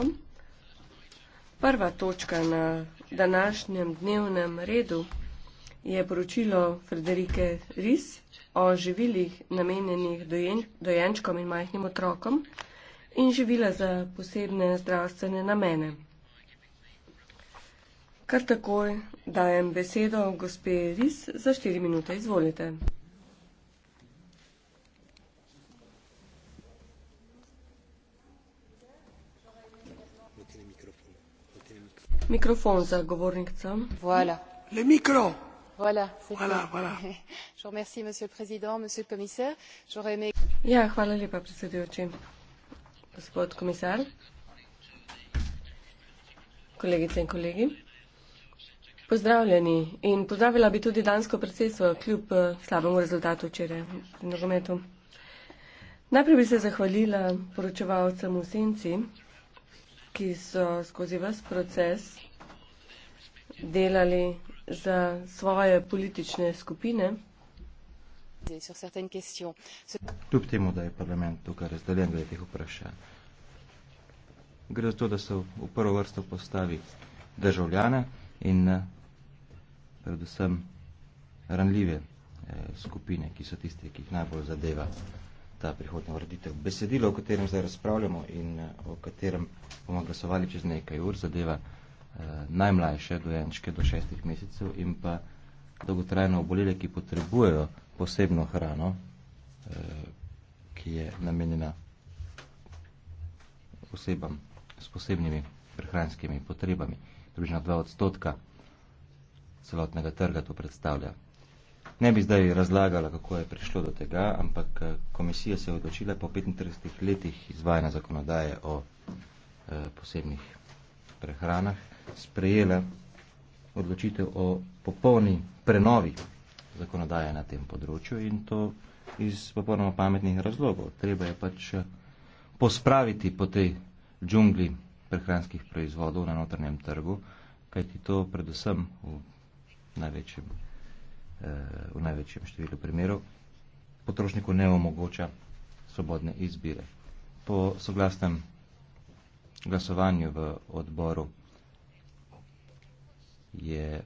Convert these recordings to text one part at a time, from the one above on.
otrokom. Prva točka na današnjem dnevnem redu je poročilo Frederike Ris o živilih namenjenih dojenčkom in majhnim otrokom in živila za posebne zdravstvene namene. Kar takoj dajem besedo gospe Ris za štiri minute. Izvolite. mikrofon za govornico. Voilà. Le micro. Voilà, c'est voilà, fait. voilà. Je vous remercie, Monsieur le Président, Monsieur le Commissaire. J'aurais aimé. Ja, hvala lepa, predsedujoči. Gospod komisar, kolegice in kolegi. Pozdravljeni in pozdravila bi tudi dansko predsedstvo, kljub eh, slabemu rezultatu včeraj v nogometu. Najprej bi se zahvalila poročevalcem v Senci, ki so skozi vas proces delali za svoje politične skupine. Kljub temu, da je parlament tukaj razdeljen glede teh vprašanj, gre za to, da se v prvo vrsto postavi državljane in eh, predvsem ranljive eh, skupine, ki so tiste, ki jih najbolj zadeva ta prihodna ureditev. Besedilo, o katerem zdaj razpravljamo in eh, o katerem bomo glasovali čez nekaj ur, zadeva eh, najmlajše dojenčke do šestih mesecev in pa dolgotrajno obolele, ki potrebujejo posebno hrano, eh, ki je namenjena osebam s posebnimi prehranskimi potrebami. Približno 2 odstotka celotnega trga to predstavlja. Ne bi zdaj razlagala, kako je prišlo do tega, ampak eh, komisija se je odločila po 35 letih izvajanja zakonodaje o eh, posebnih prehranah, sprejela odločitev o popolni prenovi zakonodaje na tem področju in to iz popolnoma pametnih razlogov. Treba je pač eh, pospraviti po tej džungli prehranskih proizvodov na notrnem trgu, kajti to predvsem v največjem Eh, v največjem številu primerov, potrošniku ne omogoča svobodne izbire. Po soglasnem glasovanju v odboru je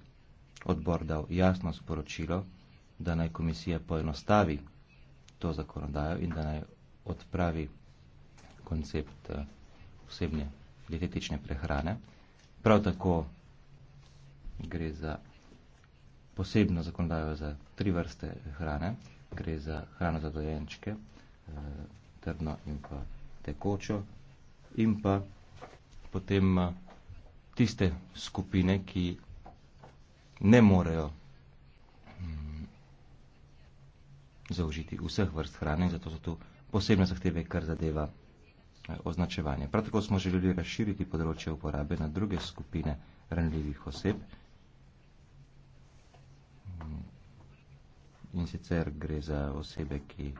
odbor dal jasno sporočilo, da naj komisija poenostavi to zakonodajo in da naj odpravi koncept eh, osebne dietetične prehrane. Prav tako gre za posebno zakonodajo za tri vrste hrane. Gre za hrano za dojenčke, eh, trdno in pa tekočo. In pa potem eh, tiste skupine, ki ne morejo mm, zaužiti vseh vrst hrane, zato so tu posebne zahteve, kar zadeva eh, označevanje. Prav tako smo želeli razširiti področje uporabe na druge skupine ranljivih oseb. In sicer gre za osebe, ki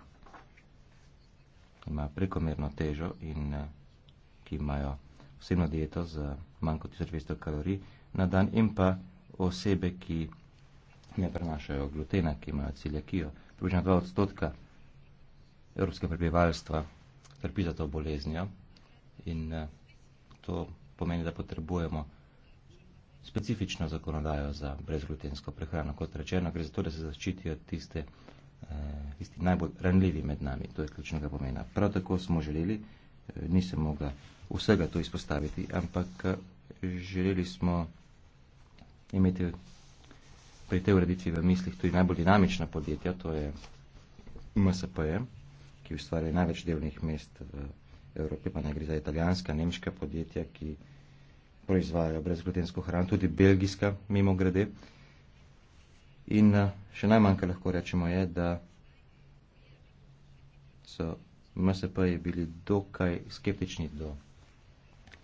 imajo prekomerno težo in eh, ki imajo vsebno dieto z manj kot 1200 kalorij na dan in pa osebe, ki ne prenašajo glutena, ki imajo celjakijo. Približno 2 odstotka evropskega prebivalstva trpi za to boleznjo in eh, to pomeni, da potrebujemo specifično zakonodajo za brezglutensko prehrano. Kot rečeno, gre za to, da se zaščitijo tiste, eh, tisti najbolj ranljivi med nami. To je ključnega pomena. Prav tako smo želeli, eh, nisem mogla vsega to izpostaviti, ampak eh, želeli smo imeti pri tej ureditvi v mislih tudi najbolj dinamična podjetja, to je MSPE, ki ustvarja največ delovnih mest v Evropi, pa ne gre za italijanska, nemška podjetja, ki proizvajajo brezglutensko hrano, tudi belgijska, mimo grede. In eh, še najmanj, kar lahko rečemo, je, da so MSP bili dokaj skeptični do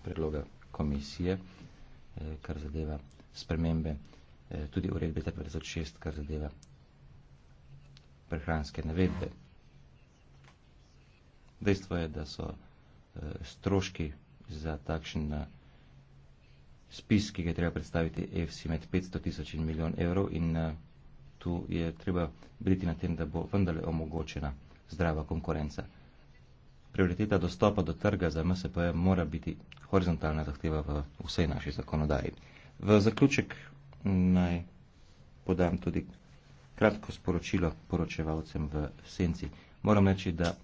predloga komisije, eh, kar zadeva spremembe, eh, tudi uredbe 56, kar zadeva prehranske navedbe. Dejstvo je, da so stroški za takšen na spis, ki ga je treba predstaviti EFSI med 500 tisoč in milijon evrov in eh, tu je treba biti na tem, da bo vendarle omogočena zdrava konkurenca. Prioriteta dostopa do trga za MSP mora biti horizontalna zahteva v vsej naši zakonodaji. V zaključek naj podam tudi kratko sporočilo poročevalcem v senci. Moram reči, da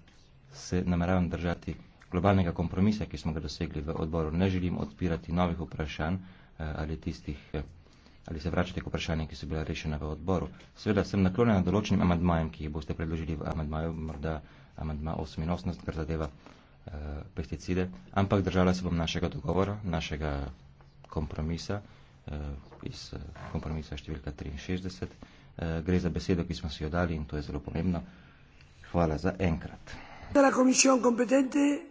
se nameravam držati globalnega kompromisa, ki smo ga dosegli v odboru. Ne želim odpirati novih vprašanj eh, ali tistih, eh, ali se vračati k vprašanjem, ki so bila rešena v odboru. Sveda sem naklonjen določenim amadmajem, ki jih boste predložili v amadmaju, morda amadma 88, kar zadeva eh, pesticide, ampak držala se bom našega dogovora, našega kompromisa, eh, iz eh, kompromisa številka 63. Eh, gre za besedo, ki smo si jo dali in to je zelo pomembno. Hvala za enkrat. La comisión competente.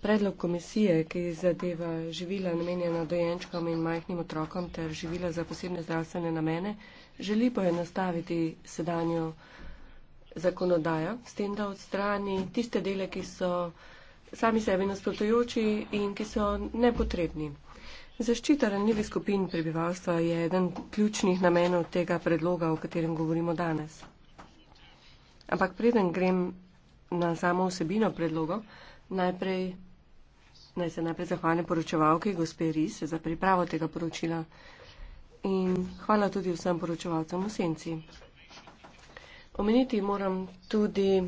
Predlog komisije, ki zadeva živila namenjena dojenčkom in majhnim otrokom ter živila za posebne zdravstvene namene, želi poenostaviti sedanjo zakonodajo, s tem, da odstrani tiste dele, ki so sami sebi nasprotujoči in ki so nepotrebni. Zaščita ranljivih skupin prebivalstva je eden ključnih namenov tega predloga, o katerem govorimo danes. Ampak preden grem na samo vsebino predlogov, najprej Naj se najprej zahvalim poročevalki, gospe Ris, za pripravo tega poročila. In hvala tudi vsem poročevalcem v senci. Omeniti moram tudi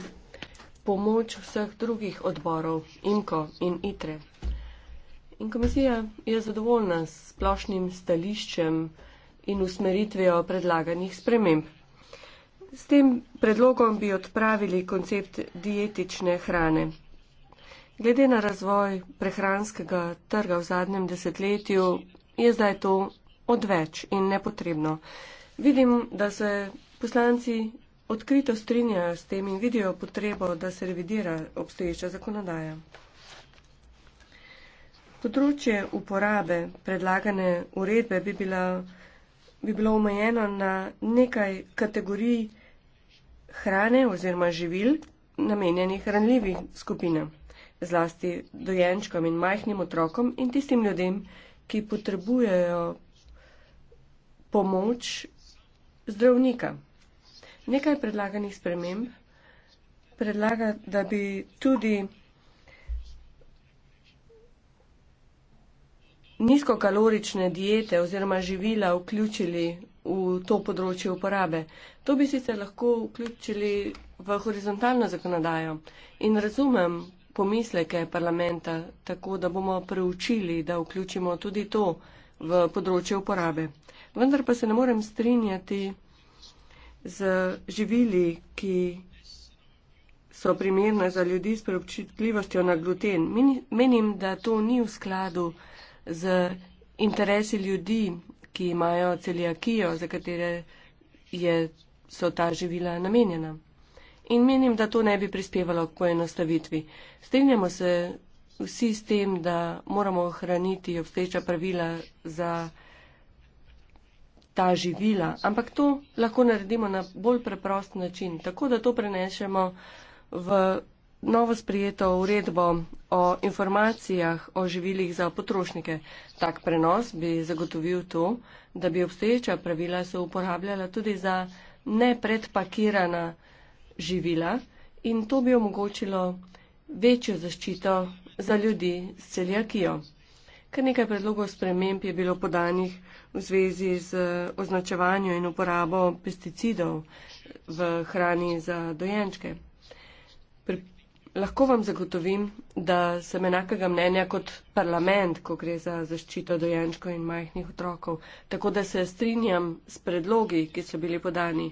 pomoč vseh drugih odborov, IMKO in ITRE. In komisija je zadovoljna s splošnim stališčem in usmeritvijo predlaganih sprememb. S tem predlogom bi odpravili koncept dietične hrane. Glede na razvoj prehranskega trga v zadnjem desetletju je zdaj to odveč in nepotrebno. Vidim, da se poslanci odkrito strinjajo s tem in vidijo potrebo, da se revidira obstoječa zakonodaja. Področje uporabe predlagane uredbe bi, bila, bi bilo omejeno na nekaj kategorij hrane oziroma živil namenjenih ranljivih skupinah zlasti dojenčkom in majhnim otrokom in tistim ljudem, ki potrebujejo pomoč zdravnika. Nekaj predlaganih sprememb predlaga, da bi tudi nizkokalorične diete oziroma živila vključili v to področje uporabe. To bi sicer lahko vključili v horizontalno zakonodajo in razumem pomisleke parlamenta, tako da bomo preučili, da vključimo tudi to v področje uporabe. Vendar pa se ne morem strinjati z živili, ki so primerne za ljudi s preobčitljivostjo na gluten. Menim, da to ni v skladu z interesi ljudi, ki imajo celijakijo, za katere je, so ta živila namenjena in menim, da to ne bi prispevalo k poenostavitvi. Strinjamo se vsi s tem, da moramo ohraniti obstoječa pravila za ta živila, ampak to lahko naredimo na bolj preprost način, tako da to prenešemo v novo sprijeto uredbo o informacijah o živilih za potrošnike. Tak prenos bi zagotovil to, da bi obstoječa pravila se uporabljala tudi za nepredpakirana uh, živila in to bi omogočilo večjo zaščito za ljudi s celjakijo. Kar nekaj predlogov sprememb je bilo podanih v zvezi z označevanjem in uporabo pesticidov v hrani za dojenčke. Pri, lahko vam zagotovim, da sem enakega mnenja kot parlament, ko gre za zaščito dojenčkov in majhnih otrokov. Tako da se strinjam s predlogi, ki so bili podani.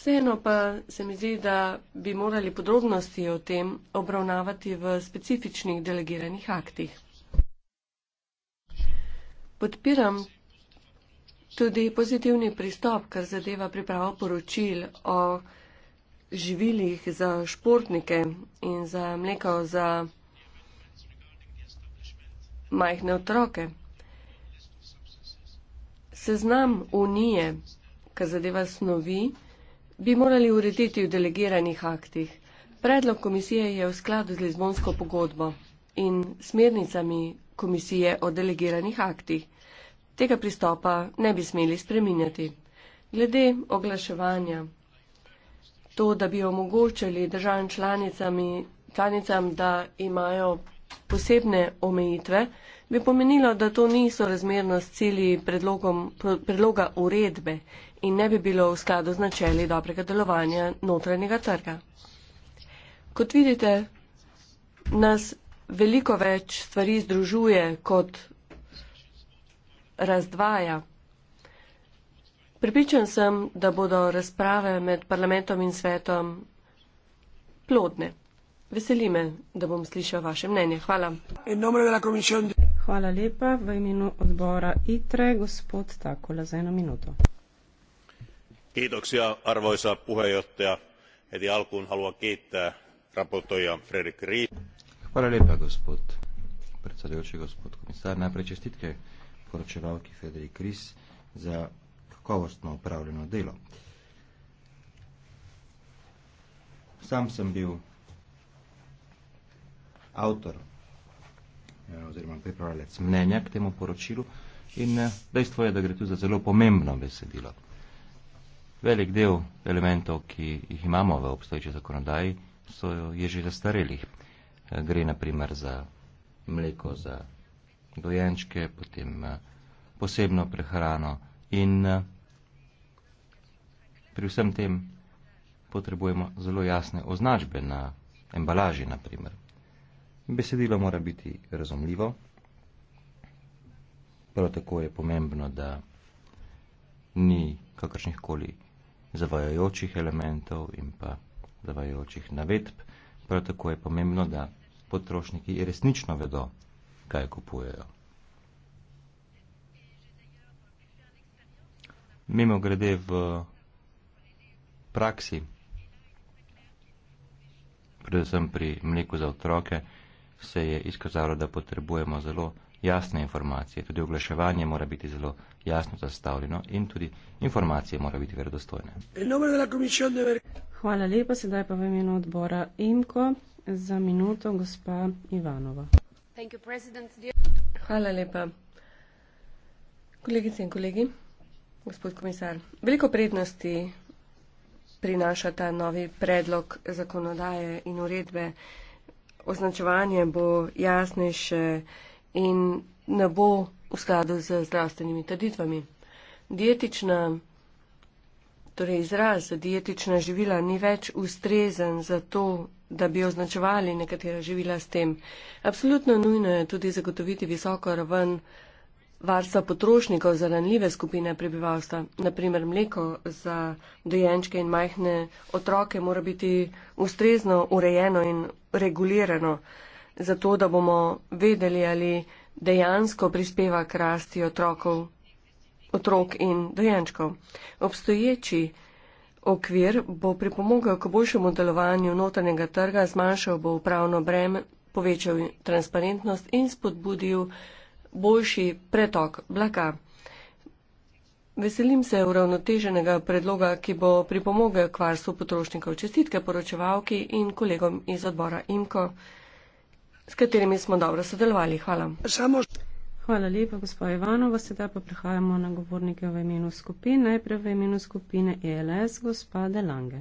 Vseeno pa se mi zdi, da bi morali podrobnosti o tem obravnavati v specifičnih delegiranih aktih. Podpiram tudi pozitivni pristop, kar zadeva pripravo poročil o živilih za športnike in za mleko za majhne otroke. Seznam unije, kar zadeva snovi, bi morali urediti v delegiranih aktih. Predlog komisije je v skladu z Lizbonsko pogodbo in smernicami komisije o delegiranih aktih. Tega pristopa ne bi smeli spreminjati. Glede oglaševanja, to, da bi omogočili državam članicam, da imajo posebne omejitve, bi pomenilo, da to niso razmerno s cilji predloga uredbe in ne bi bilo v skladu z načeli dobrega delovanja notranjega trga. Kot vidite, nas veliko več stvari združuje kot razdvaja. Pripričan sem, da bodo razprave med parlamentom in svetom plodne. Veseli me, da bom slišal vaše mnenje. Hvala. Hvala lepa v imenu odbora ITRE, gospod Takola, za eno minuto arvoisa puhemies heti alkuun haluan kiittää esittelijä frdrique ryta sekä komission jäsentä korkeaojaa frdrique ryta laadukkaasti tehdystä työstä. sám jsem byl autor oziroma pripravljalec mnenja k temu poročilu in eh, dejstvo je da gre tu za zelo pomembno besedilo velik del elementov, ki jih imamo v obstoječi zakonodaji, so je že zastarelih. Eh, gre naprimer za mleko za dojenčke, potem eh, posebno prehrano in eh, pri vsem tem potrebujemo zelo jasne označbe na embalaži naprimer. Besedilo mora biti razumljivo, prav tako je pomembno, da ni kakršnih koli zavajajočih elementov in pa zavajajočih navedb. Prav tako je pomembno, da potrošniki resnično vedo, kaj kupujejo. Mimo grede v praksi, predvsem pri mleku za otroke, se je izkazalo, da potrebujemo zelo jasne informacije, tudi oglaševanje mora biti zelo jasno zastavljeno in tudi informacije mora biti verodostojne. Hvala lepa, sedaj pa v imenu odbora IMKO za minuto gospa Ivanova. Hvala lepa. Kolegice in kolegi, gospod komisar, veliko prednosti prinaša ta novi predlog zakonodaje in uredbe. Označevanje bo jasnejše, in ne bo v skladu z zdravstvenimi trditvami. Dietična, torej izraz za dietična živila ni več ustrezen za to, da bi označevali nekatera živila s tem. Absolutno nujno je tudi zagotoviti visoko raven varstva potrošnikov za ranljive skupine prebivalstva. Naprimer, mleko za dojenčke in majhne otroke mora biti ustrezno urejeno in regulirano zato da bomo vedeli, ali dejansko prispeva k rasti otrokov, otrok in dojenčkov. Obstoječi okvir bo pripomogel k boljšemu delovanju notranjega trga, zmanjšal bo upravno breme, povečal transparentnost in spodbudil boljši pretok blaga. Veselim se uravnoteženega predloga, ki bo pripomogel k varstvu potrošnikov. Čestitke poročevalki in kolegom iz odbora IMKO s katerimi smo dobro sodelovali. Hvala. Samo... Hvala lepa, gospod Ivanova. Sedaj pa prehajamo na govornike v imenu skupine. Najprej v imenu skupine ELS, gospode Lange.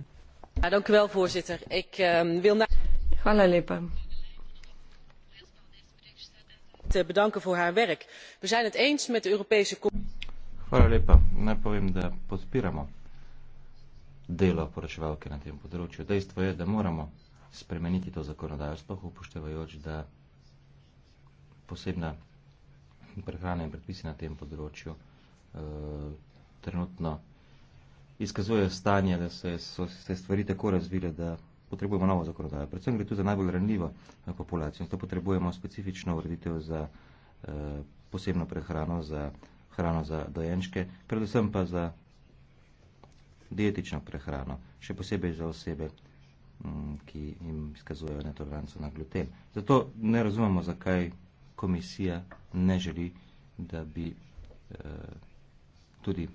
Ja, ehm, Hvala lepa. Hvala lepa. Naj povem, da podpiramo delo poročevalke na tem področju. Dejstvo je, da moramo spremeniti to zakonodajo, sploh upoštevajoč, da posebna prehrana in predpisi na tem področju uh, trenutno izkazujejo stanje, da se, so se stvari tako razvile, da potrebujemo novo zakonodajo. Predvsem gre tu za najbolj ranljivo eh, populacijo. Zato potrebujemo specifično ureditev za uh, posebno prehrano, za hrano za dojenčke, predvsem pa za dietično prehrano, še posebej za osebe. Mm, ki jim izkazujejo netoleranco na gluten. Zato ne razumemo, zakaj komisija ne želi, da bi eh, tudi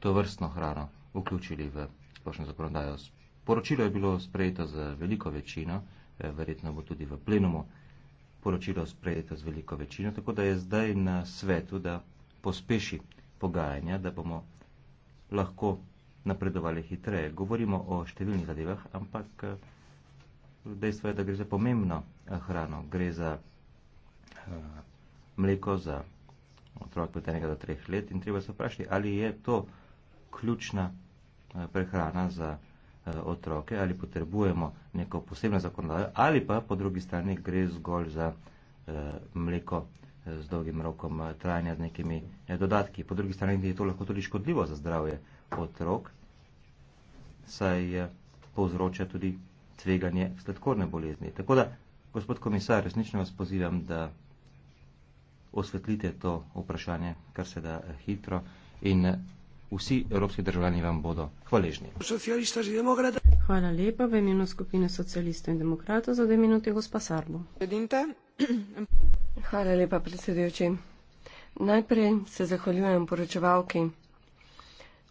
to vrstno hrano vključili v splošno zakonodajo. Poročilo je bilo sprejeto z veliko večino, eh, verjetno bo tudi v plenumu poročilo sprejeto z veliko večino, tako da je zdaj na svetu, da pospeši pogajanja, da bomo lahko napredovali hitreje. Govorimo o številnih zadevah, ampak eh, dejstvo je, da gre za pomembno eh, hrano. Gre za eh, mleko za otrok od enega do treh let in treba se vprašati, ali je to ključna prehrana za otroke, ali potrebujemo neko posebno zakonodajo, ali pa po drugi strani gre zgolj za mleko z dolgim rokom trajanja z nekimi dodatki. Po drugi strani je to lahko tudi škodljivo za zdravje otrok, saj je povzroča tudi tveganje sladkorne bolezni. Tako da, gospod komisar, resnično vas pozivam, da osvetlite to vprašanje, kar se da eh, hitro in eh, vsi evropski državljani vam bodo hvaležni. Hvala lepa v imenu skupine socialistov in demokratov za dve minuti, gospa Sarbo. Hvala lepa, predsedujoči. Najprej se zahvaljujem poročevalki.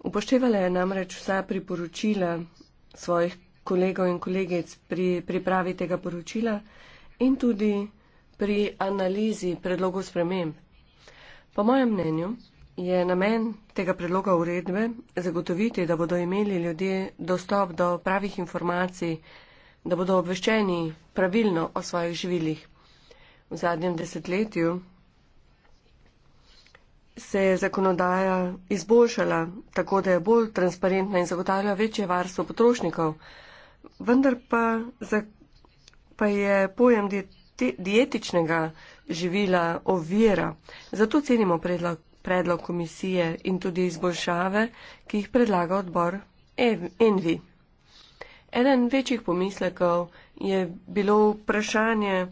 Upoštevala je namreč vsa priporočila svojih kolegov in kolegic pri pripravi tega poročila in tudi pri analizi predlogov sprememb. Po mojem mnenju je namen tega predloga uredbe zagotoviti, da bodo imeli ljudje dostop do pravih informacij, da bodo obveščeni pravilno o svojih živilih. V zadnjem desetletju se je zakonodaja izboljšala, tako da je bolj transparentna in zagotavlja večje varstvo potrošnikov. Vendar pa, za, pa je pojem dieti, dietičnega živila ovira. Zato cenimo predlog, predlog komisije in tudi izboljšave, ki jih predlaga odbor Envi. Eden večjih pomislekov je bilo vprašanje,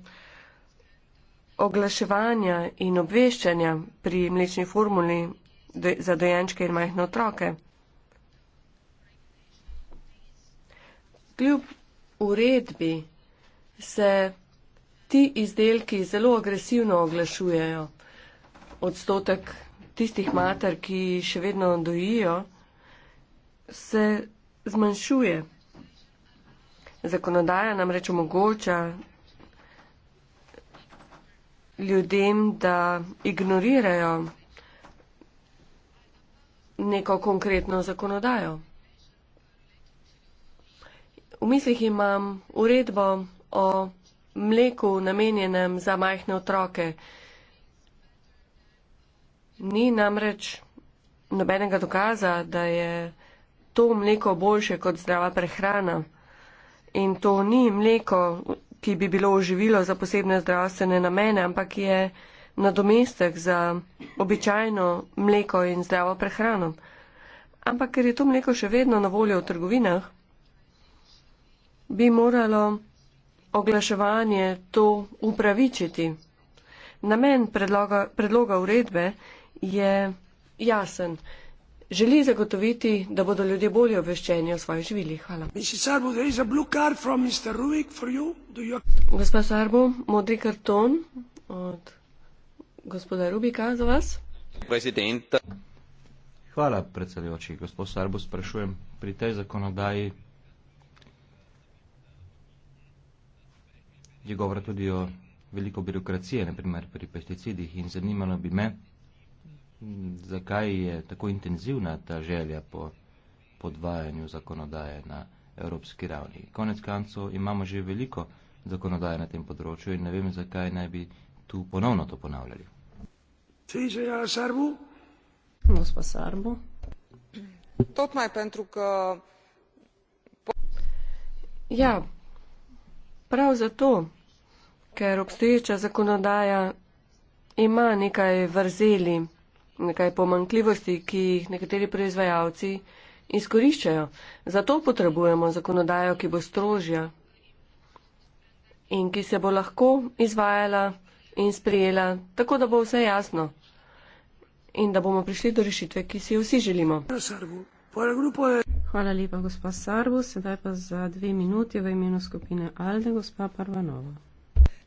oglaševanja in obveščanja pri mlečni formuli za dojenčke in majhne otroke. Kljub uredbi se ti izdelki zelo agresivno oglašujejo. Odstotek tistih mater, ki še vedno dojijo, se zmanjšuje. Zakonodaja namreč omogoča, ljudem, da ignorirajo neko konkretno zakonodajo. V mislih imam uredbo o mleku namenjenem za majhne otroke. Ni namreč nobenega dokaza, da je to mleko boljše kot zdrava prehrana. In to ni mleko ki bi bilo oživilo za posebne zdravstvene namene, ampak je nadomestek za običajno mleko in zdravo prehrano. Ampak ker je to mleko še vedno na voljo v trgovinah, bi moralo oglaševanje to upravičiti. Namen predloga, predloga uredbe je jasen želi zagotoviti, da bodo ljudje bolje obveščeni o svojih živilih. Hvala. Gospa Sarbo, modri karton od gospoda Rubika za vas. Hvala, predsedujoči. Gospod Sarbo, sprašujem pri tej zakonodaji. Je govora tudi o veliko birokracije, naprimer pri pesticidih in zanimalo bi me, Zakaj je tako intenzivna ta želja po podvajanju zakonodaje na evropski ravni? Konec koncev imamo že veliko zakonodaje na tem področju in ne vem, zakaj naj bi tu ponovno to ponavljali. Ja, prav zato, ker obstoječa zakonodaja ima nekaj vrzeli nekaj pomankljivosti, ki jih nekateri proizvajalci izkoriščajo. Zato potrebujemo zakonodajo, ki bo strožja in ki se bo lahko izvajala in sprijela, tako da bo vse jasno in da bomo prišli do rešitve, ki si jo vsi želimo. Hvala lepa, gospa Sarbu. Sedaj pa za dve minuti v imenu skupine Alde, gospa Parvanova.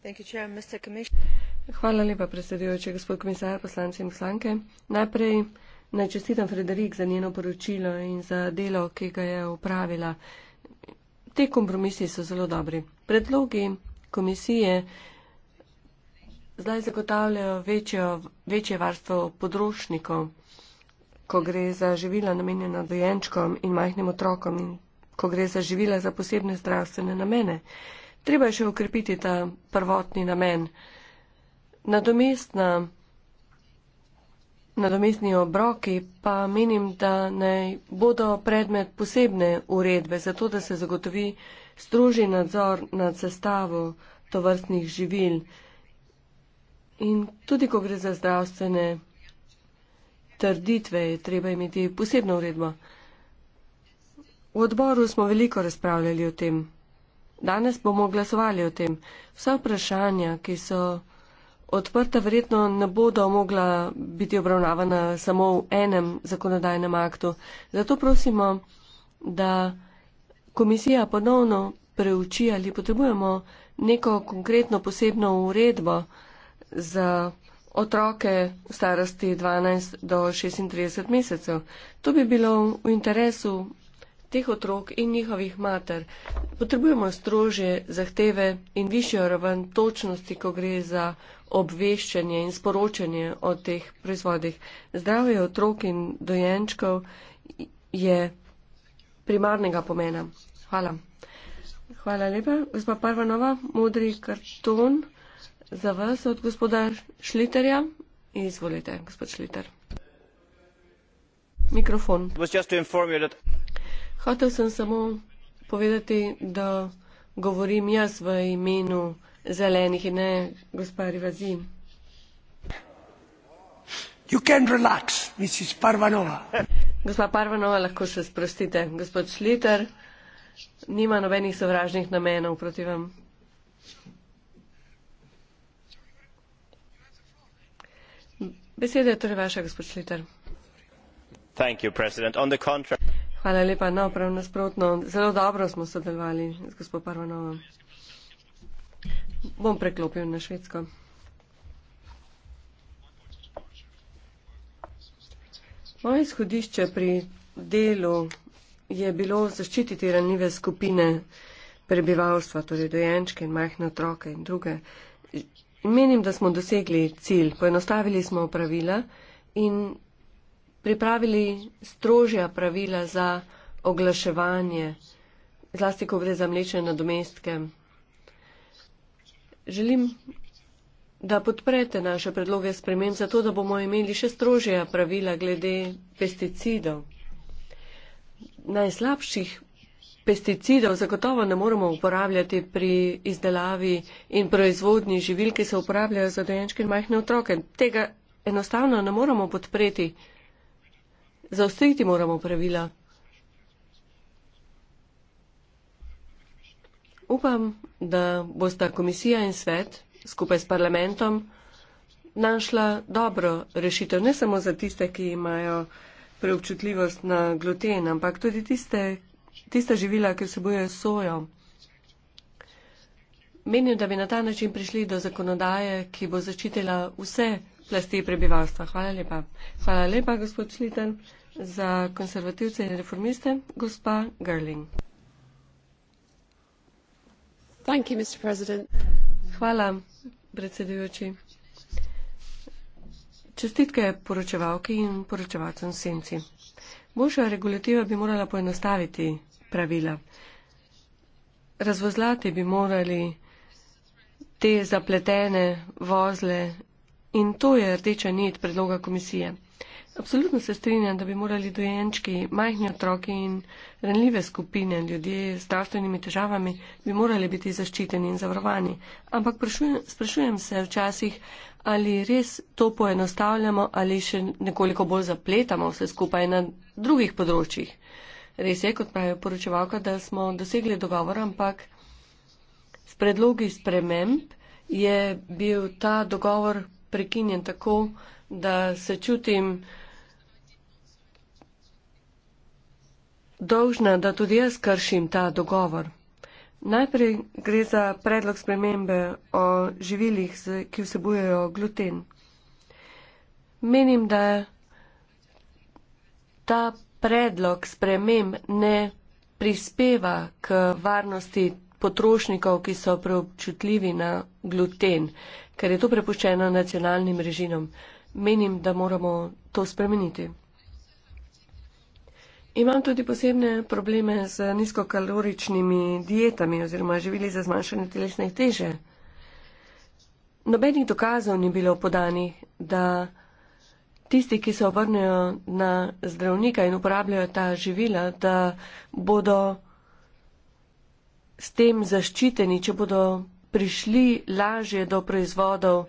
Thank you, Chair, Mr. Commissioner. Hvala lepa, predsedujoči gospod komisar, poslanci in poslanke. Najprej naj čestitam Frederik za njeno poročilo in za delo, ki ga je upravila. Te kompromisi so zelo dobri. Predlogi komisije zdaj zagotavljajo večjo, večje varstvo področnikov, ko gre za živila namenjena dojenčkom in majhnim otrokom in ko gre za živila za posebne zdravstvene namene. Treba je še ukrepiti ta prvotni namen. Nadomestna, nadomestni obroki pa menim, da naj bodo predmet posebne uredbe, zato da se zagotovi stroži nadzor nad sestavo tovrstnih živil. In tudi, ko gre za zdravstvene trditve, je treba imeti posebno uredbo. V odboru smo veliko razpravljali o tem. Danes bomo glasovali o tem. Vsa vprašanja, ki so odprta, verjetno ne bodo mogla biti obravnavana samo v enem zakonodajnem aktu. Zato prosimo, da komisija ponovno preuči ali potrebujemo neko konkretno posebno uredbo za otroke v starosti 12 do 36 mesecev. To bi bilo v interesu teh otrok in njihovih mater. Potrebujemo strožje zahteve in višjo raven točnosti, ko gre za obveščanje in sporočanje o teh proizvodih. Zdravje otrok in dojenčkov je primarnega pomena. Hvala. Hvala lepa. Gospa Parvanova, modri karton za vas od gospoda Šliterja. Izvolite, gospod Šliter. Mikrofon. Hotel sem samo povedati, da govorim jaz v imenu zelenih in ne gospa Rivazi. Gospa Parvanova, lahko se sprostite. Gospod Šliter, nima nobenih sovražnih namenov proti vam. Beseda je torej vaša, gospod Šliter. Thank you, President. On the contrary. Hvala lepa. No, prav nasprotno. Zelo dobro smo sodelovali z gospod Parvanovo. Bom preklopil na švedsko. Moje izhodišče pri delu je bilo zaščititi ranljive skupine prebivalstva, torej dojenčke in majhne otroke in druge. Menim, da smo dosegli cilj. Poenostavili smo pravila in pripravili strožja pravila za oglaševanje, zlasti ko gre za mlečne nadomestke. Želim, da podprete naše predloge spremen, zato da bomo imeli še strožja pravila glede pesticidov. Najslabših pesticidov zagotovo ne moremo uporabljati pri izdelavi in proizvodni živil, ki se uporabljajo za dojenčke in majhne otroke. Tega enostavno ne moremo podpreti zaostriti moramo pravila. Upam, da bosta komisija in svet skupaj s parlamentom našla dobro rešitev, ne samo za tiste, ki imajo preobčutljivost na gluten, ampak tudi tiste, tista živila, ki se bojo sojo. Menim, da bi na ta način prišli do zakonodaje, ki bo začitela vse plasti prebivalstva. Hvala lepa. Hvala lepa, gospod Šliten, za konservativce in reformiste. Gospa Gerling. Thank you, Mr. Hvala, predsedujoči. Čestitke poročevalki in poročevalcem senci. Boljša regulativa bi morala poenostaviti pravila. Razvozlati bi morali te zapletene vozle In to je rdeča nit predloga komisije. Absolutno se strinjam, da bi morali dojenčki, majhni otroki in ranljive skupine ljudi s zdravstvenimi težavami bi morali biti zaščiteni in zavarovani. Ampak sprašujem, sprašujem se včasih, ali res to poenostavljamo ali še nekoliko bolj zapletamo vse skupaj na drugih področjih. Res je, kot pravi poročevalka, da smo dosegli dogovor, ampak s predlogi sprememb je bil ta dogovor prekinjen tako, da se čutim dolžna, da tudi jaz kršim ta dogovor. Najprej gre za predlog spremembe o živilih, ki vsebujejo gluten. Menim, da ta predlog sprememb ne prispeva k varnosti potrošnikov, ki so preobčutljivi na gluten ker je to prepuščeno nacionalnim režimom. Menim, da moramo to spremeniti. Imam tudi posebne probleme z nizkokaloričnimi dietami oziroma živili za zmanjšanje telesne teže. Nobenih dokazov ni bilo podanih, da tisti, ki se obrnejo na zdravnika in uporabljajo ta živila, da bodo s tem zaščiteni, če bodo prišli lažje do proizvodov,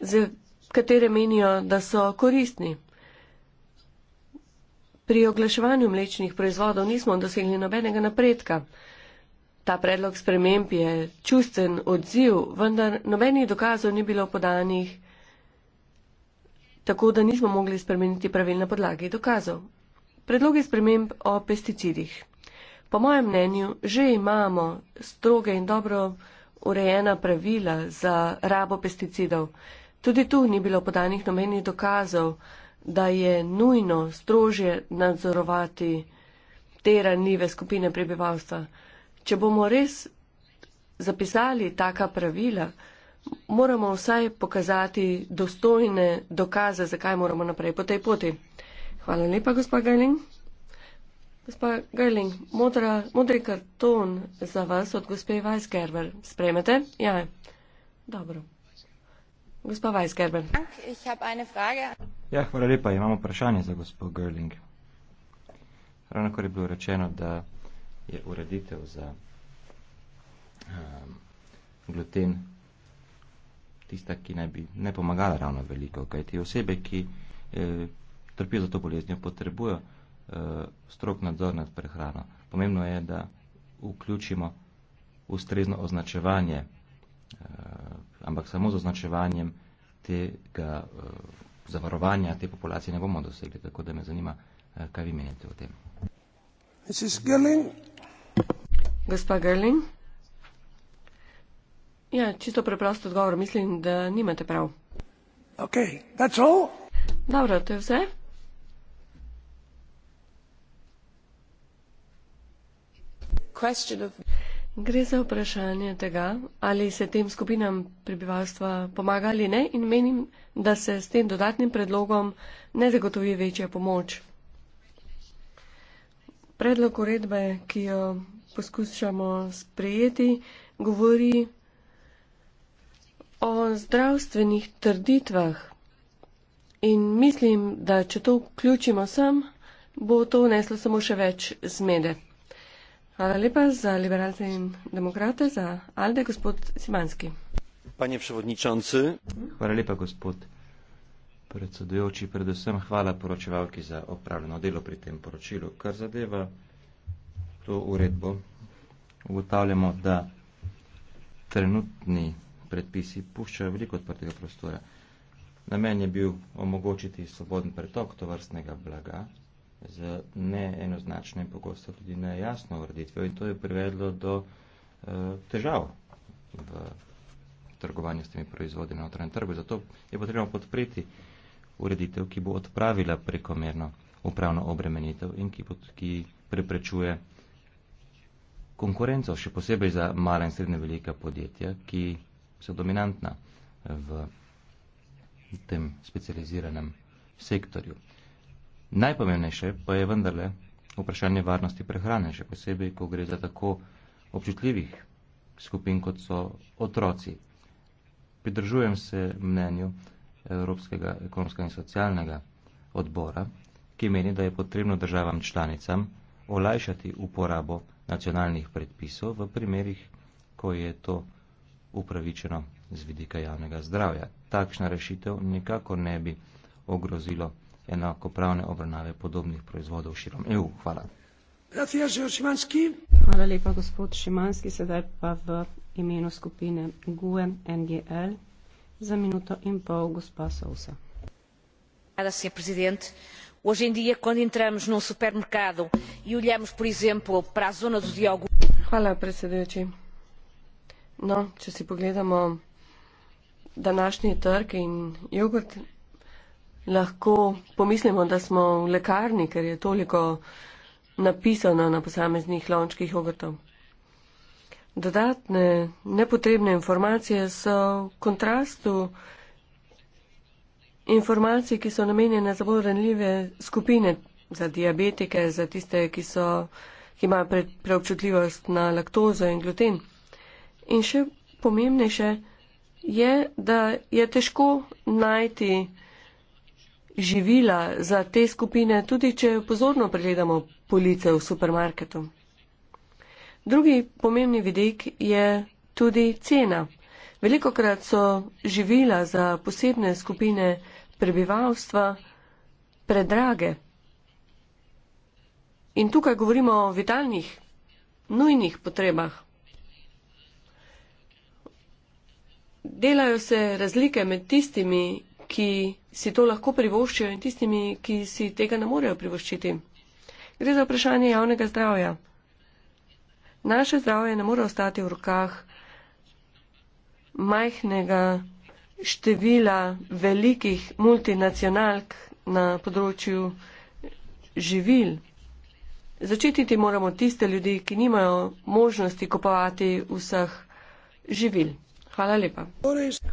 za katere menijo, da so koristni. Pri oglaševanju mlečnih proizvodov nismo dosegli nobenega napredka. Ta predlog sprememb je čusten odziv, vendar nobenih dokazov ni bilo podanih, tako da nismo mogli spremeniti pravil na podlagi dokazov. Predlogi sprememb o pesticidih. Po mojem mnenju že imamo stroge in dobro urejena pravila za rabo pesticidov. Tudi tu ni bilo podanih nomenih dokazov, da je nujno strožje nadzorovati te ranljive skupine prebivalstva. Če bomo res zapisali taka pravila, moramo vsaj pokazati dostojne dokaze, zakaj moramo naprej po tej poti. Hvala lepa, gospod Galin. Gospa Gerling, modra, modri karton za vas od gospe Weisgerber. Sprejmete? Ja. Dobro. Gospa Weisgerber. Ja, hvala lepa. Imam vprašanje za gospod Gerling. Ravno kar je bilo rečeno, da je ureditev za um, gluten tista, ki naj bi ne pomagala ravno veliko, kajti osebe, ki eh, trpijo za to boleznjo, potrebujejo Eh, strok nadzor nad prehrano. Pomembno je, da vključimo ustrezno označevanje, eh, ampak samo z označevanjem tega eh, zavarovanja te populacije ne bomo dosegli. Tako da me zanima, kaj vi menite o tem. Gerling. Gospa Gerling. Ja, čisto preprost odgovor. Mislim, da nimate prav. Okay, that's all. Dobro, to je vse. Gre za vprašanje tega, ali se tem skupinam prebivalstva pomaga ali ne in menim, da se s tem dodatnim predlogom ne zagotovi večja pomoč. Predlog uredbe, ki jo poskušamo sprejeti, govori o zdravstvenih trditvah in mislim, da če to vključimo sem, bo to vneslo samo še več zmede. Hvala lepa za liberalce in demokrate, za Alde, gospod Simanski. Panie przewodniczący. Hvala lepa, gospod predsedujoči, predvsem hvala poročevalki za opravljeno delo pri tem poročilu. Kar zadeva to uredbo, ugotavljamo, da trenutni predpisi puščajo veliko odprtega prostora. Namen je bil omogočiti svoboden pretok tovrstnega blaga, z neenoznačne, pogosto tudi nejasno ureditvijo in to je privedlo do uh, težav v trgovanju s temi proizvodi na notranjem trgu. Zato je potrebno podpreti ureditev, ki bo odpravila prekomerno upravno obremenitev in ki, pot, ki preprečuje konkurenco, še posebej za mala in srednje velika podjetja, ki so dominantna v tem specializiranem sektorju. Najpomembnejše pa je vendarle vprašanje varnosti prehrane, še posebej, ko gre za tako občutljivih skupin, kot so otroci. Pridržujem se mnenju Evropskega ekonomskega in socialnega odbora, ki meni, da je potrebno državam članicam olajšati uporabo nacionalnih predpisov v primerih, ko je to upravičeno z vidika javnega zdravja. Takšna rešitev nikako ne bi ogrozilo enakopravne obravnave podobnih proizvodov širom EU. Hvala. Hvala lepa, gospod Šimanski. Sedaj pa v imenu skupine GUE NGL za minuto in pol gospa Sousa. Hvala, sr. prezident. Hoje em dia, quando entramos num supermercado e olhamos, por exemplo, para a zona do Diogo. Hvala, predsedujoči. No, če si pogledamo današnji trg in jogurt, lahko pomislimo, da smo v lekarni, ker je toliko napisano na posameznih lončkih ogrtov. Dodatne nepotrebne informacije so v kontrastu informacij, ki so namenjene za bolj ranljive skupine, za diabetike, za tiste, ki, so, ki imajo pre, preobčutljivost na laktozo in gluten. In še pomembnejše je, da je težko najti živila za te skupine, tudi če pozorno pregledamo police v supermarketu. Drugi pomembni vidik je tudi cena. Velikokrat so živila za posebne skupine prebivalstva predrage. In tukaj govorimo o vitalnih, nujnih potrebah. Delajo se razlike med tistimi, ki si to lahko privoščijo in tistimi, ki si tega ne morejo privoščiti. Gre za vprašanje javnega zdravja. Naše zdravje ne more ostati v rokah majhnega števila velikih multinacionalk na področju živil. Začetiti moramo tiste ljudi, ki nimajo možnosti kupovati vseh živil. Hvala lepa.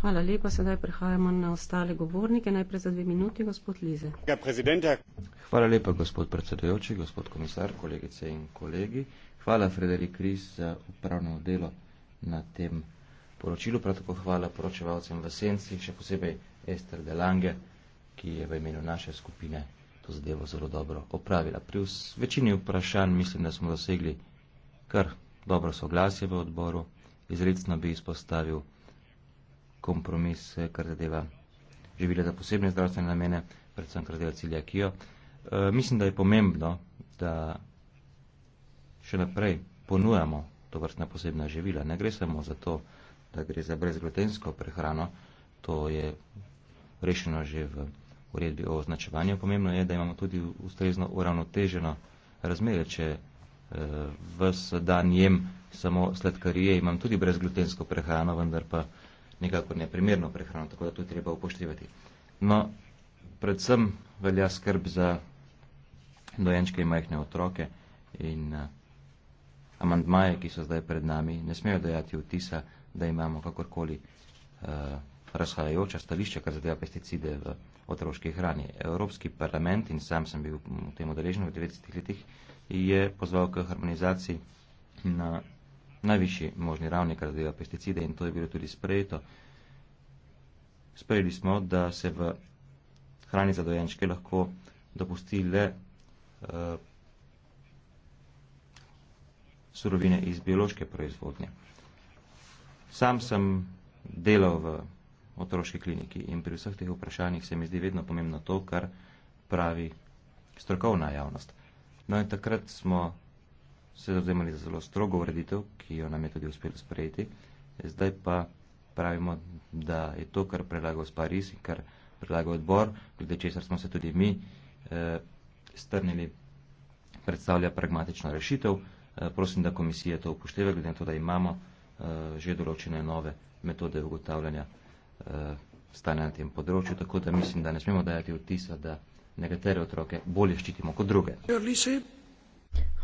Hvala lepa, sedaj prehajamo na ostale govornike. Najprej za dve minuti, gospod Lize. Hvala lepa, gospod predsedujoči, gospod komisar, kolegice in kolegi. Hvala, Frederik Kris, za upravno delo na tem poročilu. Prav tako hvala poročevalcem v Senci, še posebej Ester Delange, ki je v imenu naše skupine to zadevo zelo dobro opravila. Pri večini vprašanj mislim, da smo dosegli kar dobro soglasje v odboru. Izredno bi izpostavil kompromis, eh, kar zadeva živile za posebne zdravstvene namene, predvsem kar zadeva ciljakijo. E, eh, mislim, da je pomembno, da še naprej ponujamo to vrstna posebna živila. Ne gre samo za to, da gre za brezglutensko prehrano, to je rešeno že v uredbi o označevanju. Pomembno je, da imamo tudi ustrezno uravnoteženo razmerje, če e, eh, vsa dan jem samo sladkarije, imam tudi brezglutensko prehrano, vendar pa nekako neprimerno prehrano, tako da to treba upoštevati. No, predvsem velja skrb za dojenčke in majhne otroke in uh, amandmaje, ki so zdaj pred nami, ne smejo dajati vtisa, da imamo kakorkoli uh, razhajajoča stališča, kar zadeva pesticide v otroški hrani. Evropski parlament, in sam sem bil mm, v tem udeležen v 90-ih letih, je pozval k harmonizaciji na najvišji možni ravni, kar zadeva pesticide in to je bilo tudi sprejeto. Sprejeli smo, da se v hrani za dojenčke lahko dopusti le uh, surovine iz biološke proizvodnje. Sam sem delal v otroški kliniki in pri vseh teh vprašanjih se mi zdi vedno pomembno to, kar pravi strokovna javnost. No in takrat smo se zavzemali za zelo strogo ureditev, ki jo nam je tudi uspelo sprejeti. Zdaj pa pravimo, da je to, kar predlaga Spariz in kar predlaga odbor, glede česar smo se tudi mi eh, strnili, predstavlja pragmatično rešitev. Eh, prosim, da komisija to upošteva, glede na to, da imamo eh, že določene nove metode ugotavljanja eh, stanja na tem področju. Tako da mislim, da ne smemo dajati vtisa, da nekatere otroke bolje ščitimo kot druge. Jo,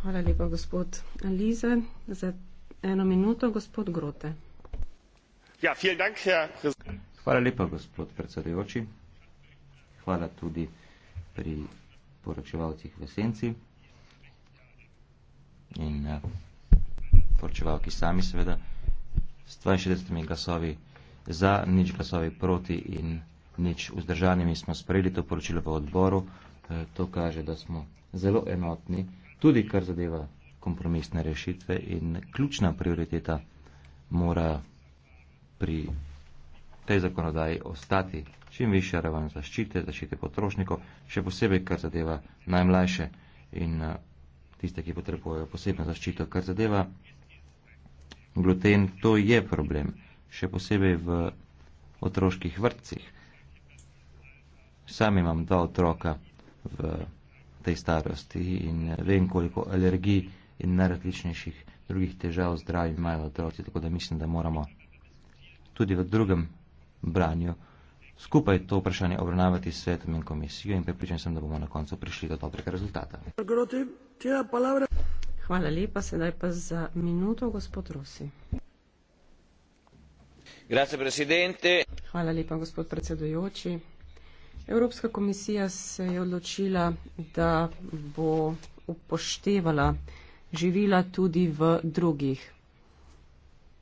Hvala lepa, gospod Lize. Za eno minuto, gospod Grote. Ja, dank, Herr... Hvala lepa, gospod predsedujoči. Hvala tudi pri poročevalcih v senci in eh, poročevalki sami seveda. S 62 glasovi za, nič glasovi proti in nič vzdržanimi smo sprejeli to poročilo v odboru. Eh, to kaže, da smo zelo enotni tudi kar zadeva kompromisne rešitve in ključna prioriteta mora pri tej zakonodaji ostati čim višja raven zaščite, zaščite potrošnikov, še posebej kar zadeva najmlajše in eh, tiste, ki potrebujejo posebno zaščito, kar zadeva gluten, to je problem, še posebej v otroških vrtcih. Sam imam dva otroka v tej starosti in eh, vem, koliko alergij in najrazličnejših drugih težav zdravi imajo otroci, tako da mislim, da moramo tudi v drugem branju skupaj to vprašanje obravnavati s svetom in komisijo in pripričan sem, da bomo na koncu prišli do dobrega rezultata. Hvala lepa, sedaj pa za minuto, gospod Rosi. Hvala lepa, gospod predsedujoči. Evropska komisija se je odločila, da bo upoštevala živila tudi v drugih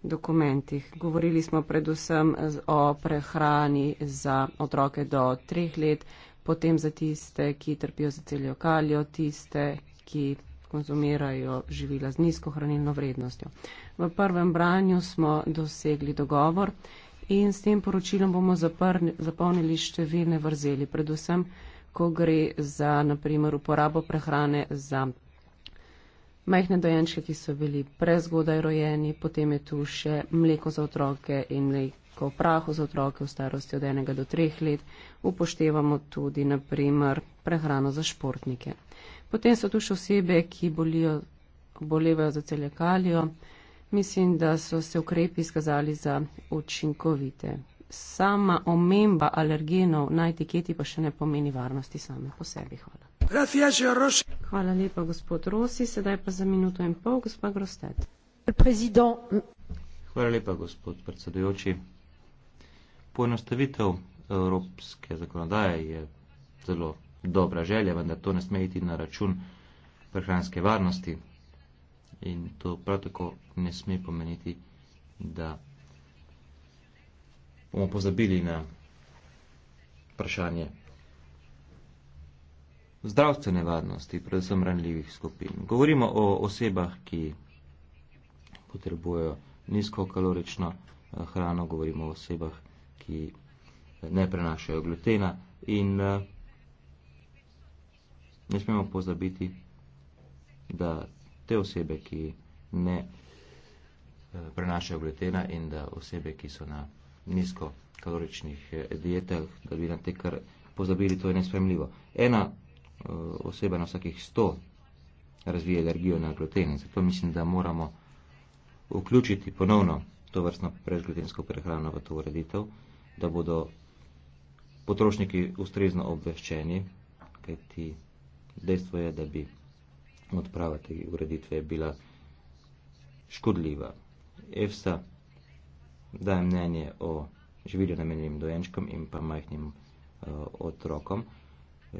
dokumentih. Govorili smo predvsem o prehrani za otroke do treh let, potem za tiste, ki trpijo za celjo kaljo, tiste, ki konzumirajo živila z nizko hranilno vrednostjo. V prvem branju smo dosegli dogovor in s tem poročilom bomo zaprni, zapolnili številne vrzeli, predvsem, ko gre za, naprimer, uporabo prehrane za majhne dojenčke, ki so bili prezgodaj rojeni, potem je tu še mleko za otroke in mleko v prahu za otroke v starosti od enega do treh let, upoštevamo tudi, naprimer, prehrano za športnike. Potem so tu še osebe, ki bolijo, bolevajo za celjakalijo. Mislim, da so se ukrepi izkazali za učinkovite. Sama omemba alergenov na etiketi pa še ne pomeni varnosti same po sebi. Hvala. Hvala lepa, gospod Rosi. Sedaj pa za minuto in pol, gospod Grostet. Hvala lepa, gospod predsedujoči. Poenostavitev evropske zakonodaje je zelo dobra želja, vendar to ne sme iti na račun prehranske varnosti in to prav tako ne sme pomeniti, da bomo pozabili na vprašanje zdravstvene varnosti, predvsem ranljivih skupin. Govorimo o osebah, ki potrebujejo nizkokalorično eh, hrano, govorimo o osebah, ki eh, ne prenašajo glutena in eh, ne smemo pozabiti, da te osebe, ki ne eh, prenašajo gletena in da osebe, ki so na nizko kaloričnih eh, dietah, da bi na te kar pozabili, to je nespremljivo. Ena eh, oseba na vsakih sto razvije alergijo na gluten in zato mislim, da moramo vključiti ponovno to vrstno prežglutensko prehrano v to ureditev, da bodo potrošniki ustrezno obveščeni, kajti dejstvo je, da bi odprava te ureditve je bila škodljiva. EFSA daje mnenje o živilju namenjenim dojenčkom in pa majhnim uh, otrokom. E,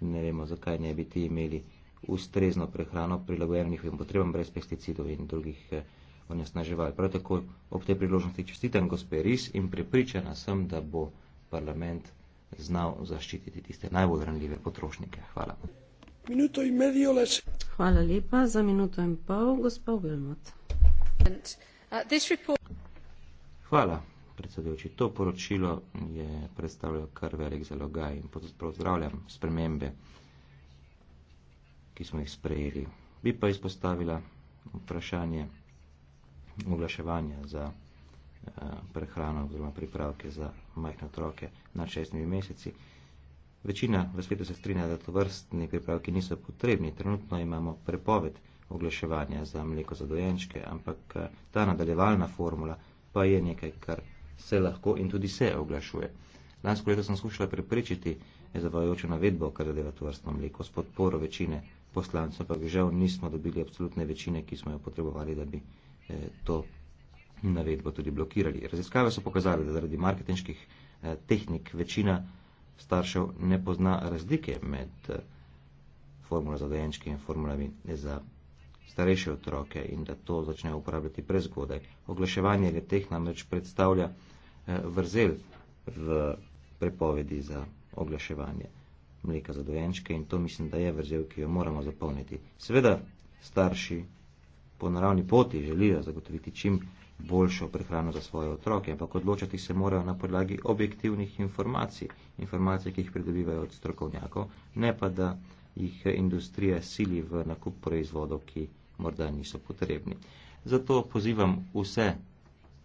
ne vemo, zakaj ne bi ti imeli ustrezno prehrano prilagojeno njihovim potrebam brez pesticidov in drugih eh, onesnaževal. Prav tako ob tej priložnosti čestitam gospe Ris in prepričana sem, da bo parlament znal zaščititi tiste najbolj ranljive potrošnike. Hvala. To poročilo je predstavljalo kar velik zalogaj in pozdravljam spremembe, ki smo jih sprejeli. Bi pa izpostavila vprašanje oglaševanja za eh, prehrano oziroma pripravke za majhne otroke na šestimi meseci. Eh, Večina v svetu se strinja, da to vrstni pripravki niso potrebni. Trenutno imamo prepoved oglaševanja za mleko za dojenčke, ampak eh, ta nadaljevalna formula pa je nekaj, kar se lahko in tudi se oglašuje. Lansko leto sem skušala preprečiti zavajajočo navedbo, kar zadeva to vrstno mleko, s podporo večine poslancev, pa žal nismo dobili absolutne večine, ki smo jo potrebovali, da bi eh, to navedbo tudi blokirali. Raziskave so pokazali, da zaradi marketinških eh, tehnik večina staršev ne pozna razlike med eh, formula za dojenčke in formulami za starejše otroke in da to začne uporabljati prezgodaj. Oglaševanje le teh namreč predstavlja eh, vrzel v prepovedi za oglaševanje mleka za dojenčke in to mislim, da je vrzel, ki jo moramo zapolniti. Seveda starši po naravni poti želijo zagotoviti čim boljšo prehrano za svoje otroke, ampak odločati se morajo na podlagi objektivnih informacij, informacij, ki jih pridobivajo od strokovnjakov, ne pa da jih industrija sili v nakup proizvodov, ki morda niso potrebni. Zato pozivam vse